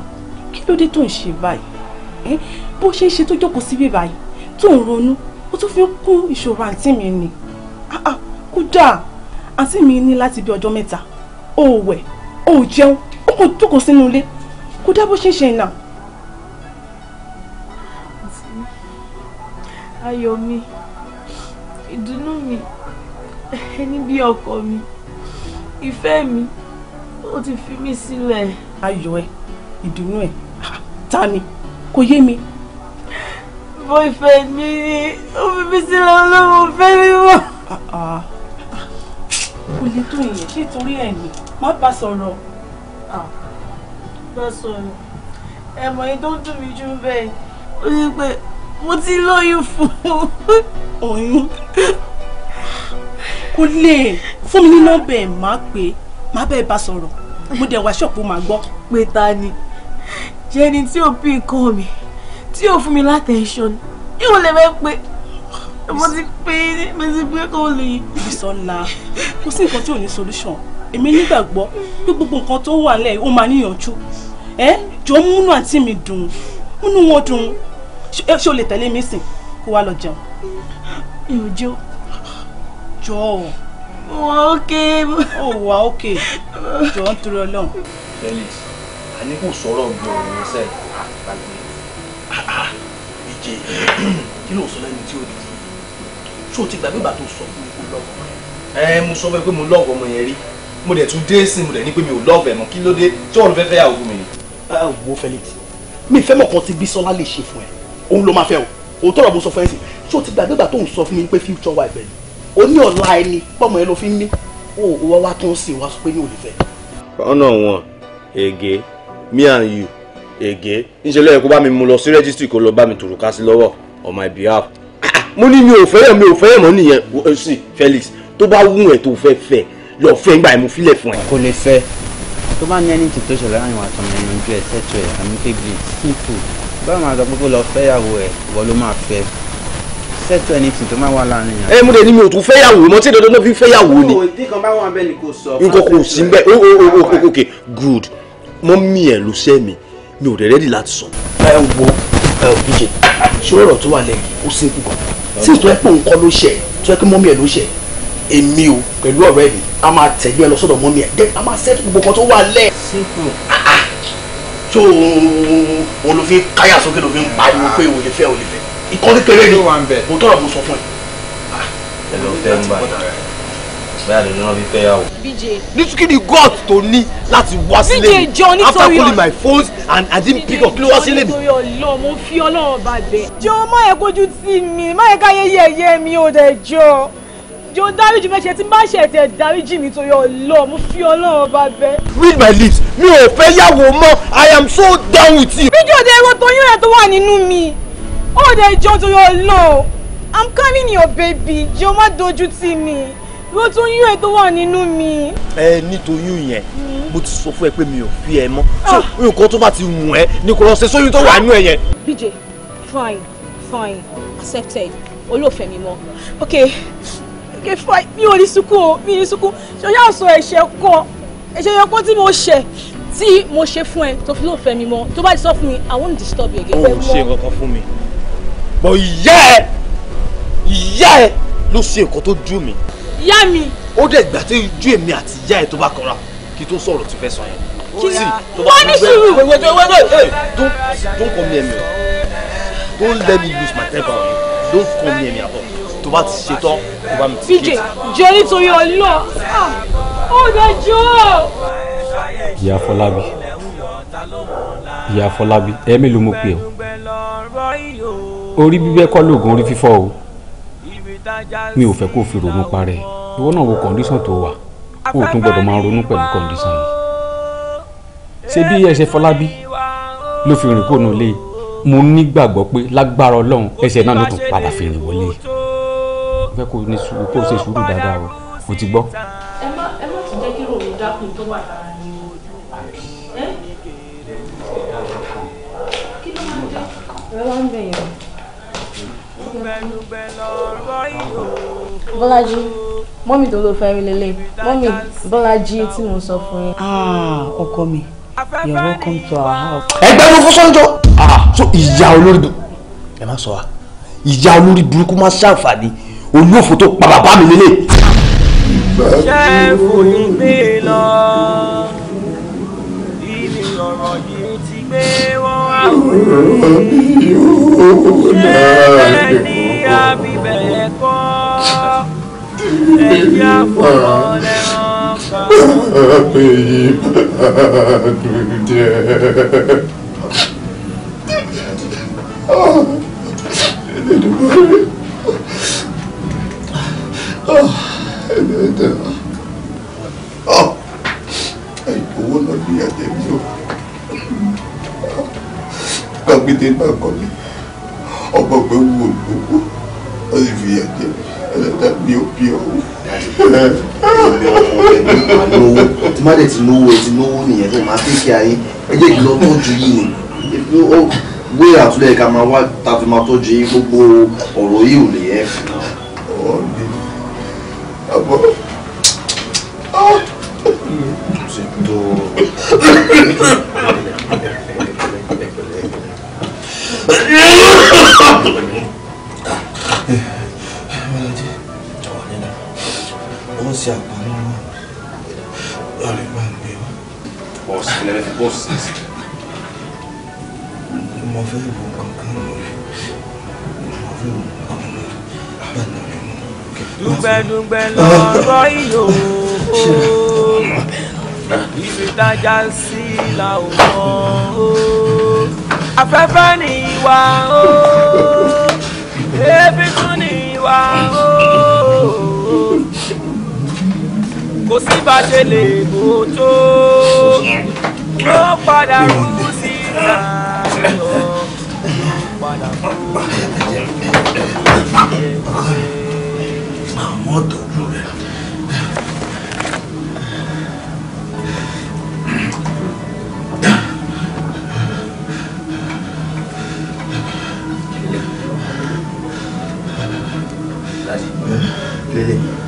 kí ló dé tó ń ṣe báyìí bó ṣe ń ṣe tó jókòó síbí báyìí tó ń ronú ó tún fi kún ìṣòro àǹtí mi ni ah, ah, kódà àǹtí mi ní láti bí ọjọ́ mẹ́ta ó wẹ̀ ó jẹun ó kàn jókòó sínú ilé kò dá bó ṣe ń ṣe ìnà. ayọ̀ mi ìdùnnú mi ẹni bí ọkọ mi ìfẹ́ mi ó ti fi mí sílẹ̀. ayọ̀ ẹ ìdùnnú ẹ ta ni kò yé mi. boyfriend mi ni ó fi mí sílẹ̀ olówó fẹ́ mi mọ́. Ah, ah. kò lè tó ìyẹn ṣé torí ẹ̀ ni má bá sọ̀rọ̀ bọ́sọ̀rọ̀ ah. ẹ̀mọ̀ yìí tó dùn mí jù bẹ́ẹ̀ ó ní pé mo ti lóyún fún oyún kò lè fún mi ní nọ́ọ̀bù ẹ̀ má pé má bẹ́ẹ̀ bá sọ̀rọ̀ mo dẹ̀ wá ṣọ́ọ̀pù máa gbọ́. pé ta ni jẹni tí ò bí nǹkan mi tí ò fún mi látẹ̀ẹ́sọ̀n yóò lè fẹ́ pé mo ti pé mo ti pé kò lè. Bísọ́lá kò sí nǹkan tí ò ní solution èmi nígbàgbọ́ pé gbogbo nǹkan tó wà lẹ́yìn ó máa níyànjú ẹ jọ múnú àǹtí mi dùn múnú wọn dùn ṣé o lè tẹ̀lé mi sìn kó wá lọ jẹun. ìròjò. jọ. ok. ó wà ok jọ ń torí Ọlọ́run. felix a ní kò sọ̀rọ̀ gbòòrò ní sẹ́ẹ̀ àgbàgbé ìjẹ́ kí ló sọ lẹ́nu tí ó dùn ṣó o ti gbàgbé ìgbà tó sọ fún mi kó lọ́wọ́ ẹ mo sọ fún ẹ pé mo lọ́wọ́ ọmọ yẹn rí mo dẹ̀ tún dé sí mo dẹ̀ ní pé mi ò lọ́ọ̀bẹ̀ mọ́ kí ló dé tí wọ́n fẹ́ fẹ́ yàwó mi ni. wo Felix mi fẹ́ mọ̀ kan tí Bísọ́lá lè ṣe fún ẹ òun ló máa fẹ́ o òótọ́ ọ̀rọ̀ mo sọ fún ẹ sí tí o ti gbàgbé ìgbà tó ń sọ fún mi pé future wife ẹ ni o ní ọ̀la ẹni pọ̀mọ́ ẹ ló fi ń ní o wá wá tó ń sè wá sọ pé ní olùfẹ́. ọ̀nà wọn ègé me and you ege. níṣẹ́ ló kó bá mi mú lọ sí rẹ́gísítì kó lọ bá mi tòrùka sí lọ́wọ́ on my behalf ah, ah, mo ní mi ò fẹ́rẹ̀ mi ò fẹ́rẹ̀ mọ́ nìyẹn eh, sí Felix tó bá wù ẹ́ tó fẹ́ fẹ́ lọ fẹ́ gbà mú filẹ̀ fún ẹ. kò lè fẹ́ tó bá ní ẹni tí tó ṣẹlẹ̀ láàrin wàá tọmọ ẹni ojú ẹ tẹ́tù ẹ àmì kébìlì sípò báwo máa sọ pé kó lọ fẹ́yàwó ẹ wọ́n ló máa fẹ́ tẹ́tù ẹni tí tó máa wà láàrin yàrá. ẹ mú de ni mi ò tún fẹ́yàwó mọ́ tí dandan náà fi fẹ́yàwó ni. nǹkan kò sí bẹ́ẹ̀ o o o ok good mọ́ mi ẹ̀ ló sẹ́ mi mi ò dẹ̀ rẹ́dì láti sọ. ẹ wo ẹ ò díje ṣé ọ̀rọ̀ tó wà lẹ́yìn ó ṣe é kú kan sí ìtọ́ ẹ̀ pé òun kọ́ ló ṣẹ̀ tó ẹ pé mọ́ mi ẹ̀ ló ṣẹ̀ èmi o pẹ̀lú ọ̀rẹ́ mi a máa tẹ̀lé ẹ lọ sọ́dọ̀ mọ́mí ẹ̀ dẹ́ a máa ṣẹ́tù gbogbo kan tó wà lẹ̀. tó o ló fi káyà sókè ló fi ń pariwo pé o lè fẹ́ o lè fẹ́ ìkan kékeré ni mo tọrọ mo sọ fún ẹ. Ah. ẹ lọ fẹ́ ń bá bẹ́ẹ̀ ni lọ́nà fífẹ́ yà wò. nítorí kí ni god tó ní láti wá sílé mi after calling my phone and i didn't pick up ló wá sílé mi. nítorí ọlọ́ mo fi ọlọ́run bàbẹ̀. jọ má yẹ kojú tì mí má yẹ káyé yẹ̀yẹ́ mi ò dẹ̀ jọ jọ dáríjì mẹ́ṣẹ̀ tí má ṣe tẹ̀ dáríjì mi torí ọlọ́ mo fi ọlọ́run ọba bẹ́. read my lips mi ò fẹ́ yàwó mọ́ i am so down with you. fídíò de ero tó yún rẹ̀ tó wà nínú mi ó dẹ̀ jọ torí ọlọ́ i'm coming your baby jọ má dojú tì mí ló tún yún ẹ tó wà nínú mi. ẹ nítorí yẹn hmm. mo ti sọ fún ẹ pé mi ò fi ẹ mọ́ so ah. nǹkan tó bá ti wù ẹ ni kò lọ ṣe sóyún tó wà nínú ẹ yẹn. bj fine fine accepted olóòfẹ́ mi mọ́ okay kí fún ẹ mi ò ní sunkún o mi ò ní sunkún ṣé o yà sọ ẹ̀ṣẹ̀ kọ ẹ̀ṣẹ̀ yẹn kó tí mo ṣẹ̀ tí mo ṣe fún ẹ tó fi ló fẹ́ mi mọ́ tó bá ti sọ i won't disturb you again. o ṣe nǹkan kan mi bọ ìyá ẹ ìyá ẹ ló ṣe nǹkan tó dùn mi. ó dẹ̀ gbà tó ju èmi àti ìyá ẹ tó bá kọra kí tó sọ̀rọ̀ tó fẹ́ sọ yẹn. kí wọ́n ní sùúrù. wait wait wait wait hey don't come near me don't let me lose my temper don't come near me at all tó bá ti ṣe tán kó bá mi ti kéètì. bíjè jọ nítorí ọlọ ah, ó dájọ. ìyá Fọlábí ìyá Fọlábí ẹ mélòó mo pè ọ́ orí bíbẹ́ kọ́ lóògùn orí fífọ́ o mi ò fẹ́ kó fi ronú parẹ́ ìwọ náà wo kọ́ndíṣàn tó wà o tún gbọ́dọ̀ máa ronú pẹ̀lú kọ́ndíṣàn yìí ṣé bí ẹsẹ̀ Fọlábí ló fi rìn kó nù lé mo nígbàgbọ́ pé lágbára Ọlọ́run ẹsẹ̀ náà ló tún padà fi rìn wọlé fẹ́ kó ní sùúrù kó ṣe sùúrù dáadáa o kò ti gbọ́. ẹ má ẹ má ti jẹ́ kí ròmí dákun tó wà lára ní ojú àbí. kí ló máa ń jẹ́. ọ̀rẹ́ wa ń bẹ̀ yẹn. Bọ́lájí mọ́mì tó ló fẹ́ rí lélẹ̀ mọ́mì Bọ́lájí tí mo sọ fún yín. Ah, ọkọ mi you are welcome to our house. ẹgbẹ́ ló fún sọ́njọ́ ah, so ìyá olórí ẹ má sọ wa ìyá olórí burúkú má ṣàǹfààní olófò tó pa bàbá mi nílé. ṣé kò ní gbé lọ ibi ọ̀rọ̀ yìí ti gbé wọ́n wá wí ṣé ní abibẹ̀rẹ̀ kọ́ ẹ̀yà pọ̀ lẹ́wọ̀n èyí dùn jẹ́. Oh, Oh, oh, ìgbowó náà bí ẹ̀jẹ̀ mi ò gbàgede náà kọ́ mi ọmọ pé wo gbogbo ó sì fi ẹ̀jẹ̀ ẹlẹ́dàá mi ò bí ọ̀hún. lówó tí má dẹ̀ ti lówó ti lówó nìyẹn tó máa tẹ́kẹ̀ ayé ẹ jẹ́ kí lọ tọ́jú yìí ni gbé àtúlẹ̀ ká máa wá ta fi máa tọ́jú yìí gbogbo ọ̀rọ̀ yìí ò lè yẹ fún un àbọ̀ ṣe tó. ó ṣe àpamọ́ lọ́rẹ́ bá ń gbé wa. bọ́ọ̀sì lẹ́yìn bọ́ọ̀sì. mo fẹ́ ìbò kankan lọ. dùngbẹ̀dùngbẹ̀ lọ́rọ̀ ìyó ibi tájà ń sí la ò mọ̀ o afẹ́fẹ́ ni ìwà o ebi tún ni ìwà o kò sí bàjẹ́ lè bò tó ló padà rú sí ìlà yọ padà kú wọ́n tọ́jú rẹ̀. Lélẹ̀.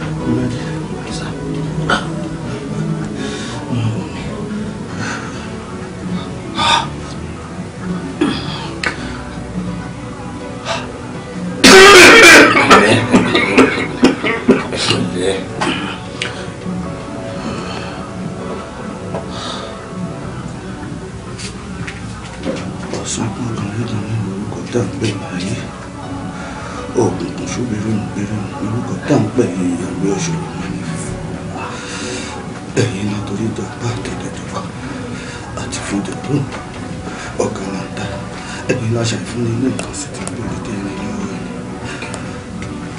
ṣàìfúnni ní nǹkan sí ti gbòòrò tẹ́rin lọ́wọ́ rẹ̀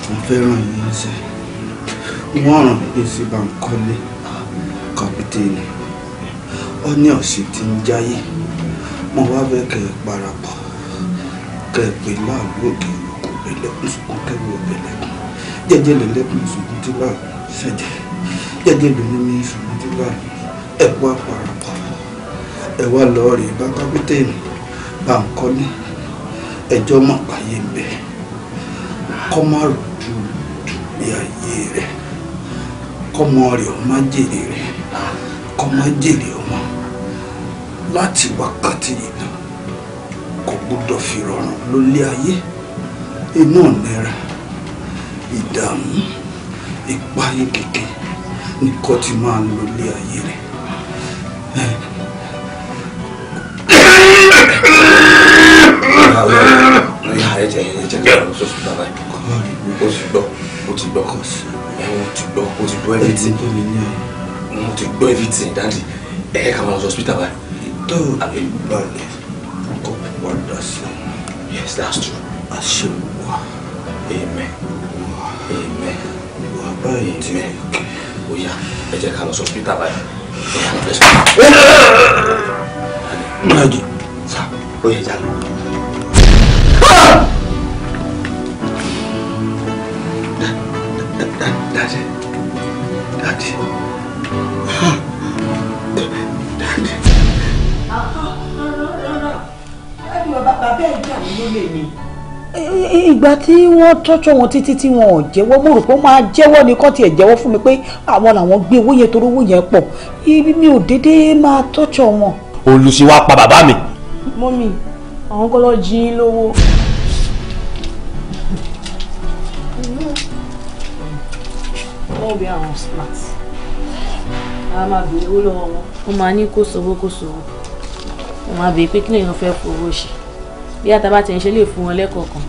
wọ́n fẹ́ràn yín ṣe wọ́n ràn mí sí Bankole kapiteni ó ní ọ̀sìn tí ń jáyé mo wá fẹ́ kẹ́ ẹ parapọ̀ kẹ́ ẹ pè láàlú òkè òkú ẹlẹ́kùn sunkún kẹ́rù ọ̀bẹ lẹ́kùn jẹ́jẹ́ lẹ́lẹ́kùn sunkún tí láàlú ṣẹ̀jẹ̀ jẹ́jẹ́ lónìí mi sunkún tí láàlú ẹ̀ wá parapọ̀ ẹ̀ bá kapiteni Bankole ẹjọ́ mà báyé bẹ̀ kọ́ má rojú dùgbé ayé rẹ̀ kọ́mọ rẹ̀ ó má jèrè rẹ̀ kọ́ má jèrè ọmọ láti wákàtí ìlú kò gbúdọ̀ fi rọrùn lólé ayé inú ọ̀nẹ́ra ìdààmú ìpayé kékeré nìkan ti máa ń lólé ayé rẹ̀. Hello ẹ̀jẹ̀ ẹ̀jẹ̀ bẹ́ẹ̀ ló bàbá yìí ó ti gbọ́ ó ti gbọ́ ẹ̀wọ̀n ti gbọ́ ó ti gbọ́ everything mo ti gbọ́ everything dáàdì ẹ̀ẹ́ kà máa lọ sọ hospital tó àbí bọ́ọ̀lù kò wọ́ọ̀dọ̀ sí yes that's true àṣẹ wà amen amen wà báyìí amen ó yá ẹ jẹ́ ká lọ sọ hospital báyìí ẹ̀ẹ́ àwọn ọ̀dọ́ sí. dáàdì ó yẹ jàlọ. Daddy. Daddy. Daddy. Bàbá ẹ̀ jà mí lólè ni. Ìgbà tí wọ́n tọ́jọ́ wọn títí tí wọn ò jẹ́wọ́ mo rò pé wọ́n máa jẹ́wọ́ ni kán tiẹ̀ jẹ́wọ́ fún mi pé àwọn làwọn gbé owó yẹn torí owó yẹn pọ̀. Ibi mi ò déédéé máa tọ́jọ́ wọn. Olùsí wa pa bàbá mi. Mọ́mì, àwọn kọ́lọ́ jí lówó. wọ́n wí àwọn smart a máa bèèrè owó lọ́wọ́ wọn wọ́n máa ní kó sọ́wọ́ kó sọ́wọ́ wọ́n máa bèèrè pé kí lèèyàn fẹ́ fowó ṣe bí àtàbà ti ń ṣe lè fún wọn lẹ́kọ̀ọ̀kan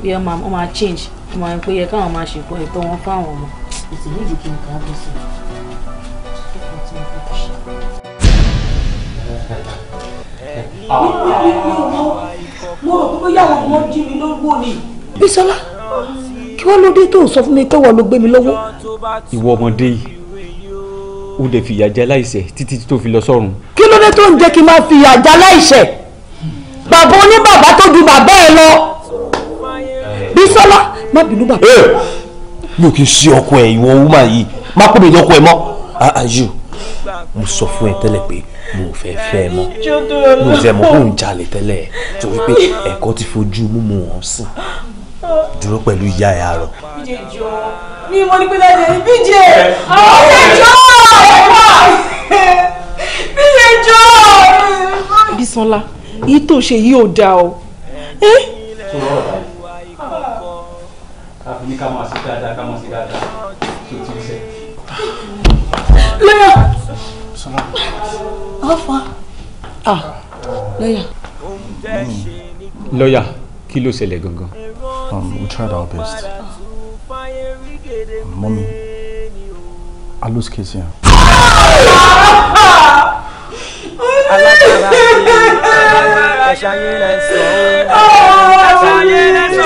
bí wọ́n máa change wọ́n máa ń pé yẹ káwọn máa ṣètò ẹ̀tọ́ wọn fáwọn ọmọ. ètò ìdí kí n kà á bọ́ sí i. mo rò pé bóyá àwọn ọmọ jí mi lógbó ni. Bísọ́lá kí wọ́n ló dé tó sọ fún mi pé wọ́n ló gbé mi lọ́wọ́. ìwọ ọmọdé yìí ó lè fìyà jẹ aláìṣẹ̀ títí tó fi lọ sọ́run. kí ló dé tó ń jẹ́ kí n máa fìyà jẹ aláìṣẹ̀ bàbá oníbàbá tó ju bàbá ẹ lọ Bísọ́lá má bínú bàbá. Eh, mi ò kì í ṣe ọkọ ẹ ìwọ ọmọ yìí má pè mí lọkọ ẹ mọ àyù ah, ah, mo sọ fún ẹ tẹ́lẹ̀ pé mo fẹ́ fẹ́ mọ́ mo fẹ́ mọ́ mo ń jalè tẹ́lẹ̀ torí pé ẹ̀kọ́ ti fojú mú mu hàn sí dúró pẹ̀lú ìyá ẹ̀ àárọ̀. bíjè jọ ní mo ní pété ẹ̀jẹ̀ ní bíjè bíjè jọ bíjè jọ. Bísọ́lá èyí tó ṣe yìí ò dáa o. ní ká máa ṣe dáadáa ká máa ṣe dáadáa tó ti ṣe. lọ́yà. sọlá. ọ̀fà. ah lọ́yà. lọ́yà. Kilo se ṣẹlẹ̀ gangan. Um, we tried our best. Um, mommy, I lose case here. alágbára ẹ̀ṣá yín lẹ sọ ẹ̀ṣá yín lẹ sọ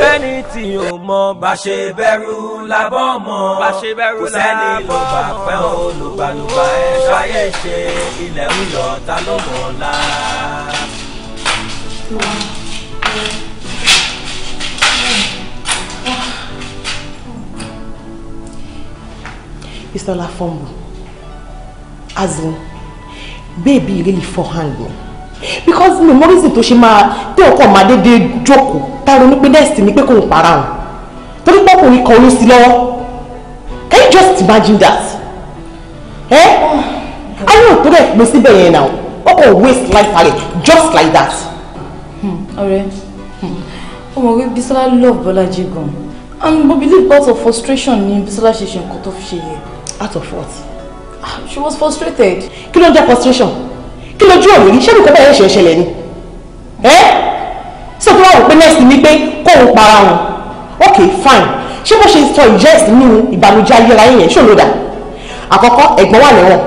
bẹ́ẹ̀ni tí o mọ bá ṣe bẹ̀rù labọ́ mọ́ kò ṣe ilẹ̀ ń lọ ta ló mọ̀ ọ́ la. Mr. Olafumbu, as in, baby really forehand me. Because mi mọ reason tó ṣe máa tẹ́ ọkọ̀ máa dédé jókòó táwọn onípe next ni pé kò ń para hàn. Torí pọ́kùnrin kan ló sí lọ́wọ́. Can you just imagine that? Eh? Ah. ayé ò tó rẹ̀ pín síbẹ̀ yẹn now. Ó kàn waste life rẹ̀ just like that. Hmm, ọ̀rẹ́, ọmọ wí Bísọ́lá love Bọ́lájí gan And mo believe part of frustration ni Bísọ́lá ṣe ṣe nǹkan she fi out of what? Ah, she was frustrated. kí ló ń jẹ́ frustration kí lójú ò lórí ṣé nǹkan bẹ́ẹ̀ ṣe ṣẹlẹ̀ ni ẹ́ Go pé wọ́n pé nẹ́ẹ̀sì ni pé kóun para wọn ok fine ṣé bó ṣe sọ yes nínú ìbànújẹ́ ayérayé yẹn ṣó ló dà àkọ́kọ́ ẹ̀gbọ́n wà lẹ́wọ̀n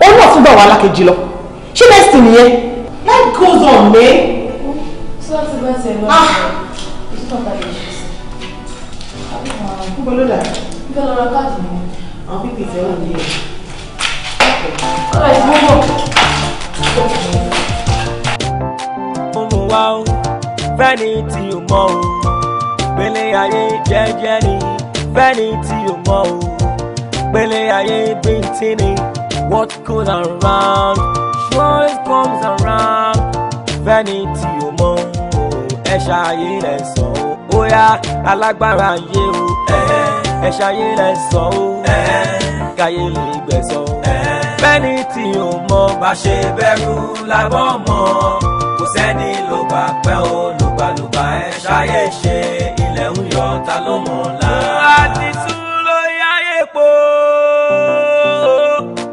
I náà tún bẹ̀ wà lákejì lọ ṣé nẹ́ẹ̀sì nìyẹn life goes on me. Ah. Níbo ló dà? Níbo ló ra káàdì mi? àwọn pípì tẹ́ wò ní ẹ̀. ọ̀rọ̀ ìgbó bọ̀. olùwà ó fẹ́ni tí o mọ̀ ayé jẹ́jẹ́ ni fẹ́ni tí o o pẹ̀lẹ́ ayé bíntín ni what goes around sure comes around fẹ́ni tí o mọ̀ o ẹ̀ ṣàyè rẹ̀ sàn ó yá alágbára ayé o ẹ ṣayé lẹ́sọ̀ o káyé lè gbẹ̀sọ̀ o bẹ́ni tí o mọ̀ bá ṣe bẹ̀rù lábọ́ mọ́ kò sẹ́ni ló bá pẹ́ o lùgbàlùgbà ẹ ṣayé ṣe ilẹ̀ ń yọ ta ló mọ̀ la. àti sùn lórí ayé po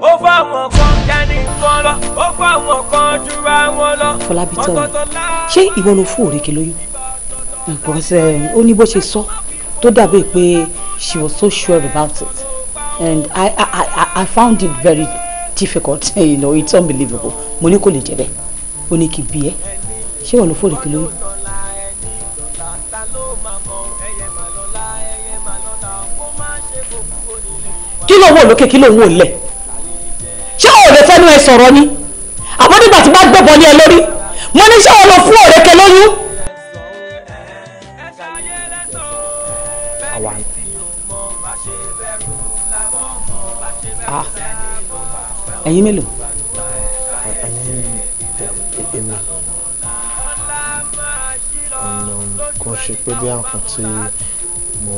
ó fáwọn kan jẹ́ni kan lọ ó fáwọn kan jura wọn lọ. fọlábí tọ́ ọ ṣé ìwọ ló fún òrèké nǹkan ṣe ó ní bó ṣe sọ. So tó dàbí pé she was so sure about it and I I I, found it very difficult you know it's unbelievable mo ní kò lè jẹ́ bẹ́ẹ̀ ó ní kí bí ẹ ṣé wọn ló fòrè kí lóyún. kí ló wò lókè kí ló wò lẹ̀ ṣé òun lè fẹ́nu ẹ sọ̀rọ̀ ni àbọ̀ nígbà bá gbẹ̀bọ̀ ní ẹ lórí mo ní ṣé wọn lọ fún ọ̀rẹ́kẹ lóyún. Ah. ẹ̀yin mélòó. èmi ọ̀nà kan ṣe pé bí àǹkan tí mo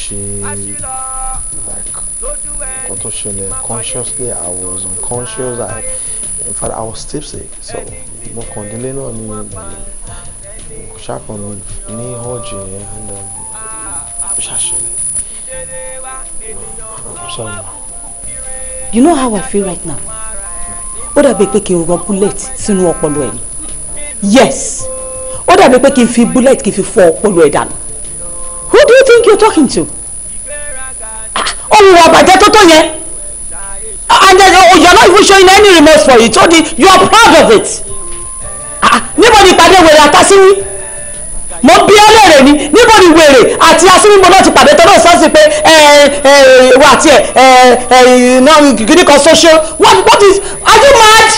ṣe nǹkan tó ṣẹlẹ̀ consciously I was unconscious I, in fact I was tipsy so mo kàn délé náà ní ṣàkàn ní ọ̀jì yẹn and ṣàṣẹlẹ̀. Um, I'm sorry you know how I feel right now ó dàbí pé kí n rọ bullet sínú ọpọlọ ẹ̀ yes ó dàbí pé kí n fi bullet kí n fi fọ́ ọpọlọ ẹ̀ dànù who do you think you're talking to ah, ohun ọ̀bàjẹ́ tó tó yẹn and then oh, you're not even showing any remorse for it so you are proud of it ah, níbo ni ìpàdé wèrè àtàsíwí mo bí ẹ léèrè ni níbo ni wèrè àti asínúgbò náà ti pàdé tọ́lọ́ sọ́ọ́sì pé ẹ ẹ ìwà àti ẹ ẹ iná gidi kan social what what is are you mad.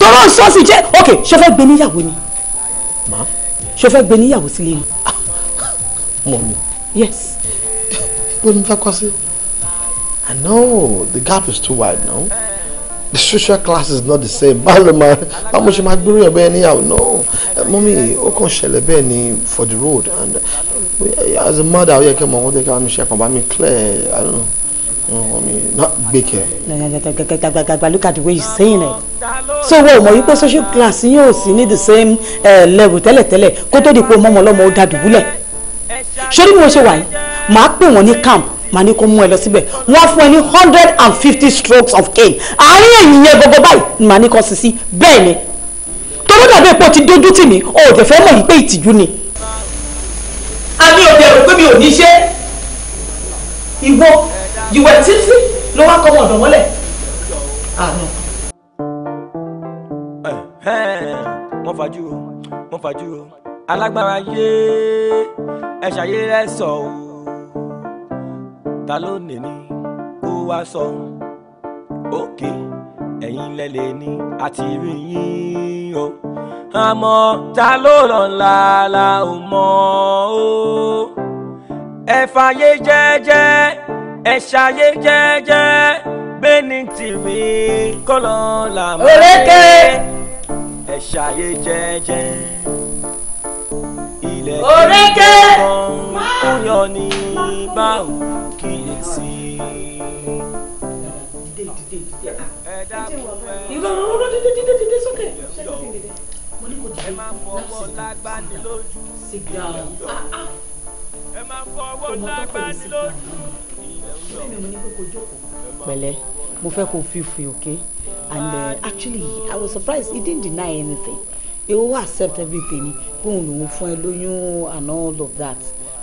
tọ́lọ́ sọ́ọ́sì jẹ́ ok ṣe fẹ́ gbé níyàwó ni ṣe fẹ́ gbé níyàwó sílé ni. mọ mi. yes. bó ni fẹ́ kọ́ sí. I know the gap is too wide now the social class is not the same How much báwo ṣe máa gbóríyàn bẹ́ẹ̀ níyàwó no eh, mọ́mí ó kàn ṣẹlẹ̀ bẹ́ẹ̀ ni for the road and eh, as a mother ó yẹ kí ọmọ wọn tẹ́ka mi ṣe kàn bá mi clear i don't know. Oh, not big Look at the way he's saying it. So, what? mọ̀ wípé social class you need the same uh, level Tell it, tell it. pé ọmọ ọmọ ọlọ́mọ ó dá dùbúlẹ̀. Show me mo ṣe wà yìí? Màá pè wọ́n ní màá ní kó mú ẹ lọ síbẹ̀ wọ́n fún ẹ ní hundred and fifty strokes of cane àárín ẹ̀yìn yẹn gbogbo báyìí ni màá ní kó sisi bẹ́ẹ̀ ni torí dàbí epo ti dójú tì mí o ò dẹ̀ fẹ́ mọ̀ yìí pé ìtìjú ni. a ní òde ẹ̀rù pé mi ò ní ṣe ìwọ ìwẹ̀ títí ló wá kọ́ ọ̀dọ̀ mọ́lẹ̀ àná. wọ́n fajú o wọ́n fajú o alágbára yé ẹ̀ṣà yé ẹ̀ sọ̀ o. Talo ló lè ní kó wá sọ òkè ẹ̀yin lẹ́lẹ̀ ní àti rí yín o àmọ́ ta ló lọ́la la ò mọ̀ o ẹ fàyè jẹ́jẹ́ ẹ ṣàyè jẹ́jẹ́ bẹ́ẹ̀ni tìrì kọ́ lọ́la mọ́ ẹ ṣàyè jẹ́jẹ́ ilẹ̀ kan ó yọ ní báwo kíyèsí. Ah. ìrọ̀rùn ló dídí dídí dídí ẹ máa fọwọ́ lágbàdì lójú. Ah, ah. Pẹ̀lẹ́, mo fẹ́ kó feel free, And uh, actually, I was surprised he didn't deny anything ó accept everything ni kóun lòun fún ẹ lóyún and all of that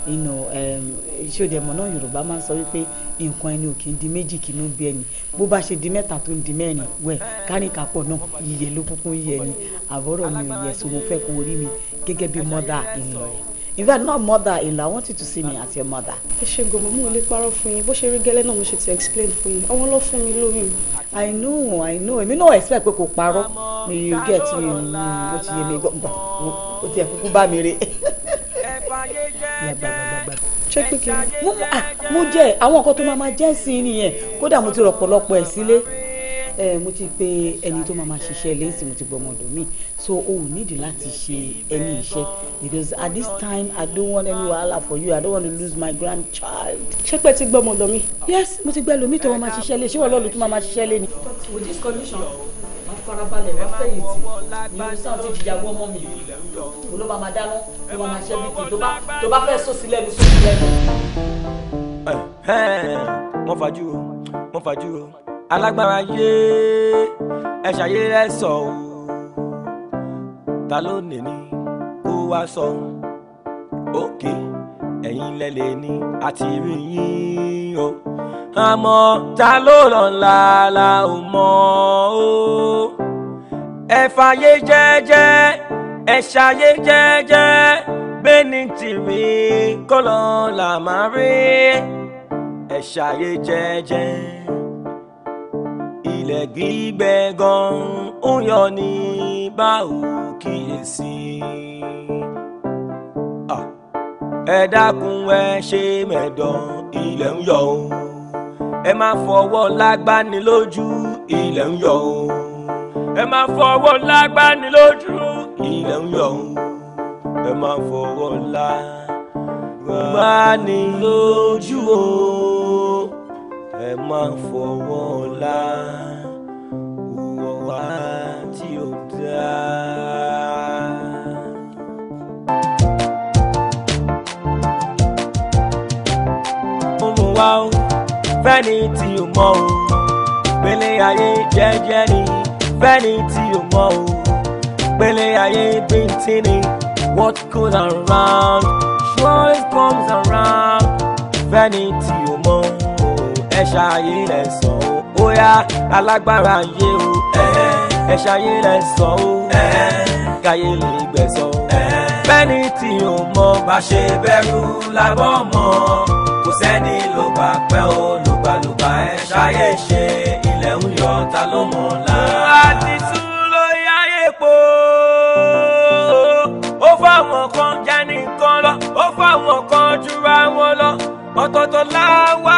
um, ṣòdẹ̀mọ̀ náà yorùbá máa ń sọ wípé nǹkan ẹni ò kì í di méjì kì í ló bí ẹni bó bá ṣe di mẹ́ta tó ń di mẹ́rin wẹ̀ kárìkàpọ̀ náà yíyẹ ló kúkú yẹ ni àbọ̀rọ̀ mi ò yẹ so mo fẹ́ kó rí mi gẹ́gẹ́ bí mọ́dà ìlọrin in fact not mother-in-law i want you to see me as your mother. ẹ ṣe gbọ̀ngàn mú ilé parọ́ fún yín bó ṣe rí gẹ́lẹ́ náà mo ṣe ti explain fún yín ọwọ́n ló fún mi lóyún. i know i know èmi náà expect pé kò parọ́ mi you get me o ti yé mi gbọ̀ngbà o ti ẹ̀ kúkú bá mi re. ṣé pé kí ni ah, mo jẹ́ àwọn nǹkan tó máa ma jẹ́ sí i nìyẹn kódà mo ti rọ̀pọ̀lọpọ̀ ẹ̀ sílé. Eh, mo ti pe ẹni tó máa ma ṣiṣẹ́ lẹ́sìn mo ti gbọ́ ọmọdé mi so o ò nídìí láti ṣe ẹni iṣẹ́ because at this time i don't want any wahala for you i don't want to lose my grandchild. ṣé pé ti gbọ́ ọmọdé mi. yes mo ti gbẹ́ lomi tó máa ma ṣiṣẹ́ lé ṣé wọ́n lọ́ọ́ máa ma ṣiṣẹ́ lé with this condition máa farabalẹ̀ wá fẹ̀yìntì ní ọ̀sán ti jìyàwó ọmọ mi mo ló máa ma dáná ló máa ma ṣẹ́ bí kì tó bá fẹ́ sósì lẹ́nu sósì lẹ́nu. wọ́n fajú o wọ́n fajú o alágbára yé ẹ ṣàyè rẹ sọ o ta ló nì ní kó wá sọ òkè ẹ̀yin lẹ́lẹ̀ ní àti rí yín o àmọ́ ta ló lọ́la la ò mọ̀ o ẹ fàyè jẹ́jẹ́ ẹ ṣàyè jẹ́jẹ́ bẹ́ẹ̀ni tìrì kọ́lọ́ là máa rí ẹ ṣàyè jẹ́jẹ́ ilẹ̀ gbígbẹ gan ó yọ ní báwo kíyèsí. ẹ dákun ẹ ṣe mẹ̀dán ilẹ̀ ń yọ o ẹ má fọwọ́ lágbáni lójú ilẹ̀ ń yọ o ẹ má fọwọ́ lágbáni lójú ilẹ̀ ń yọ o ẹ má fọwọ́ lágbáni lójú o ẹ má fọwọ́ ọ̀la hùwà wá tí ó dáa. ó mú wá ó fẹ́ni tí ò mọ̀ ó pélé ayé jẹ́jẹ́ ni fẹ́ni tí ò mọ̀ ó pélé ayé bíntín ni what goes around sure comes around fẹ́ni tí ò ẹ ṣàyè rẹ̀ sọ o bóyá alágbára yé o ẹ ṣàyè rẹ̀ sọ o káyé lè gbẹ̀sọ̀ bẹ́ẹ̀ni tí o mọ bá ṣe bẹ̀rù lábọ́ mọ́ kò sẹ́ni ló bá pẹ́ o lùgbàlùgbà ẹ ṣàyè ṣe ilẹ̀ ń yọ ta ló mọ̀ la. àti tún lórí ayé po ó fáwọn kan jẹ́ nìkan lọ ó fáwọn kan jura wọn lọ ọ̀tọ̀ọ̀tọ̀ láwa.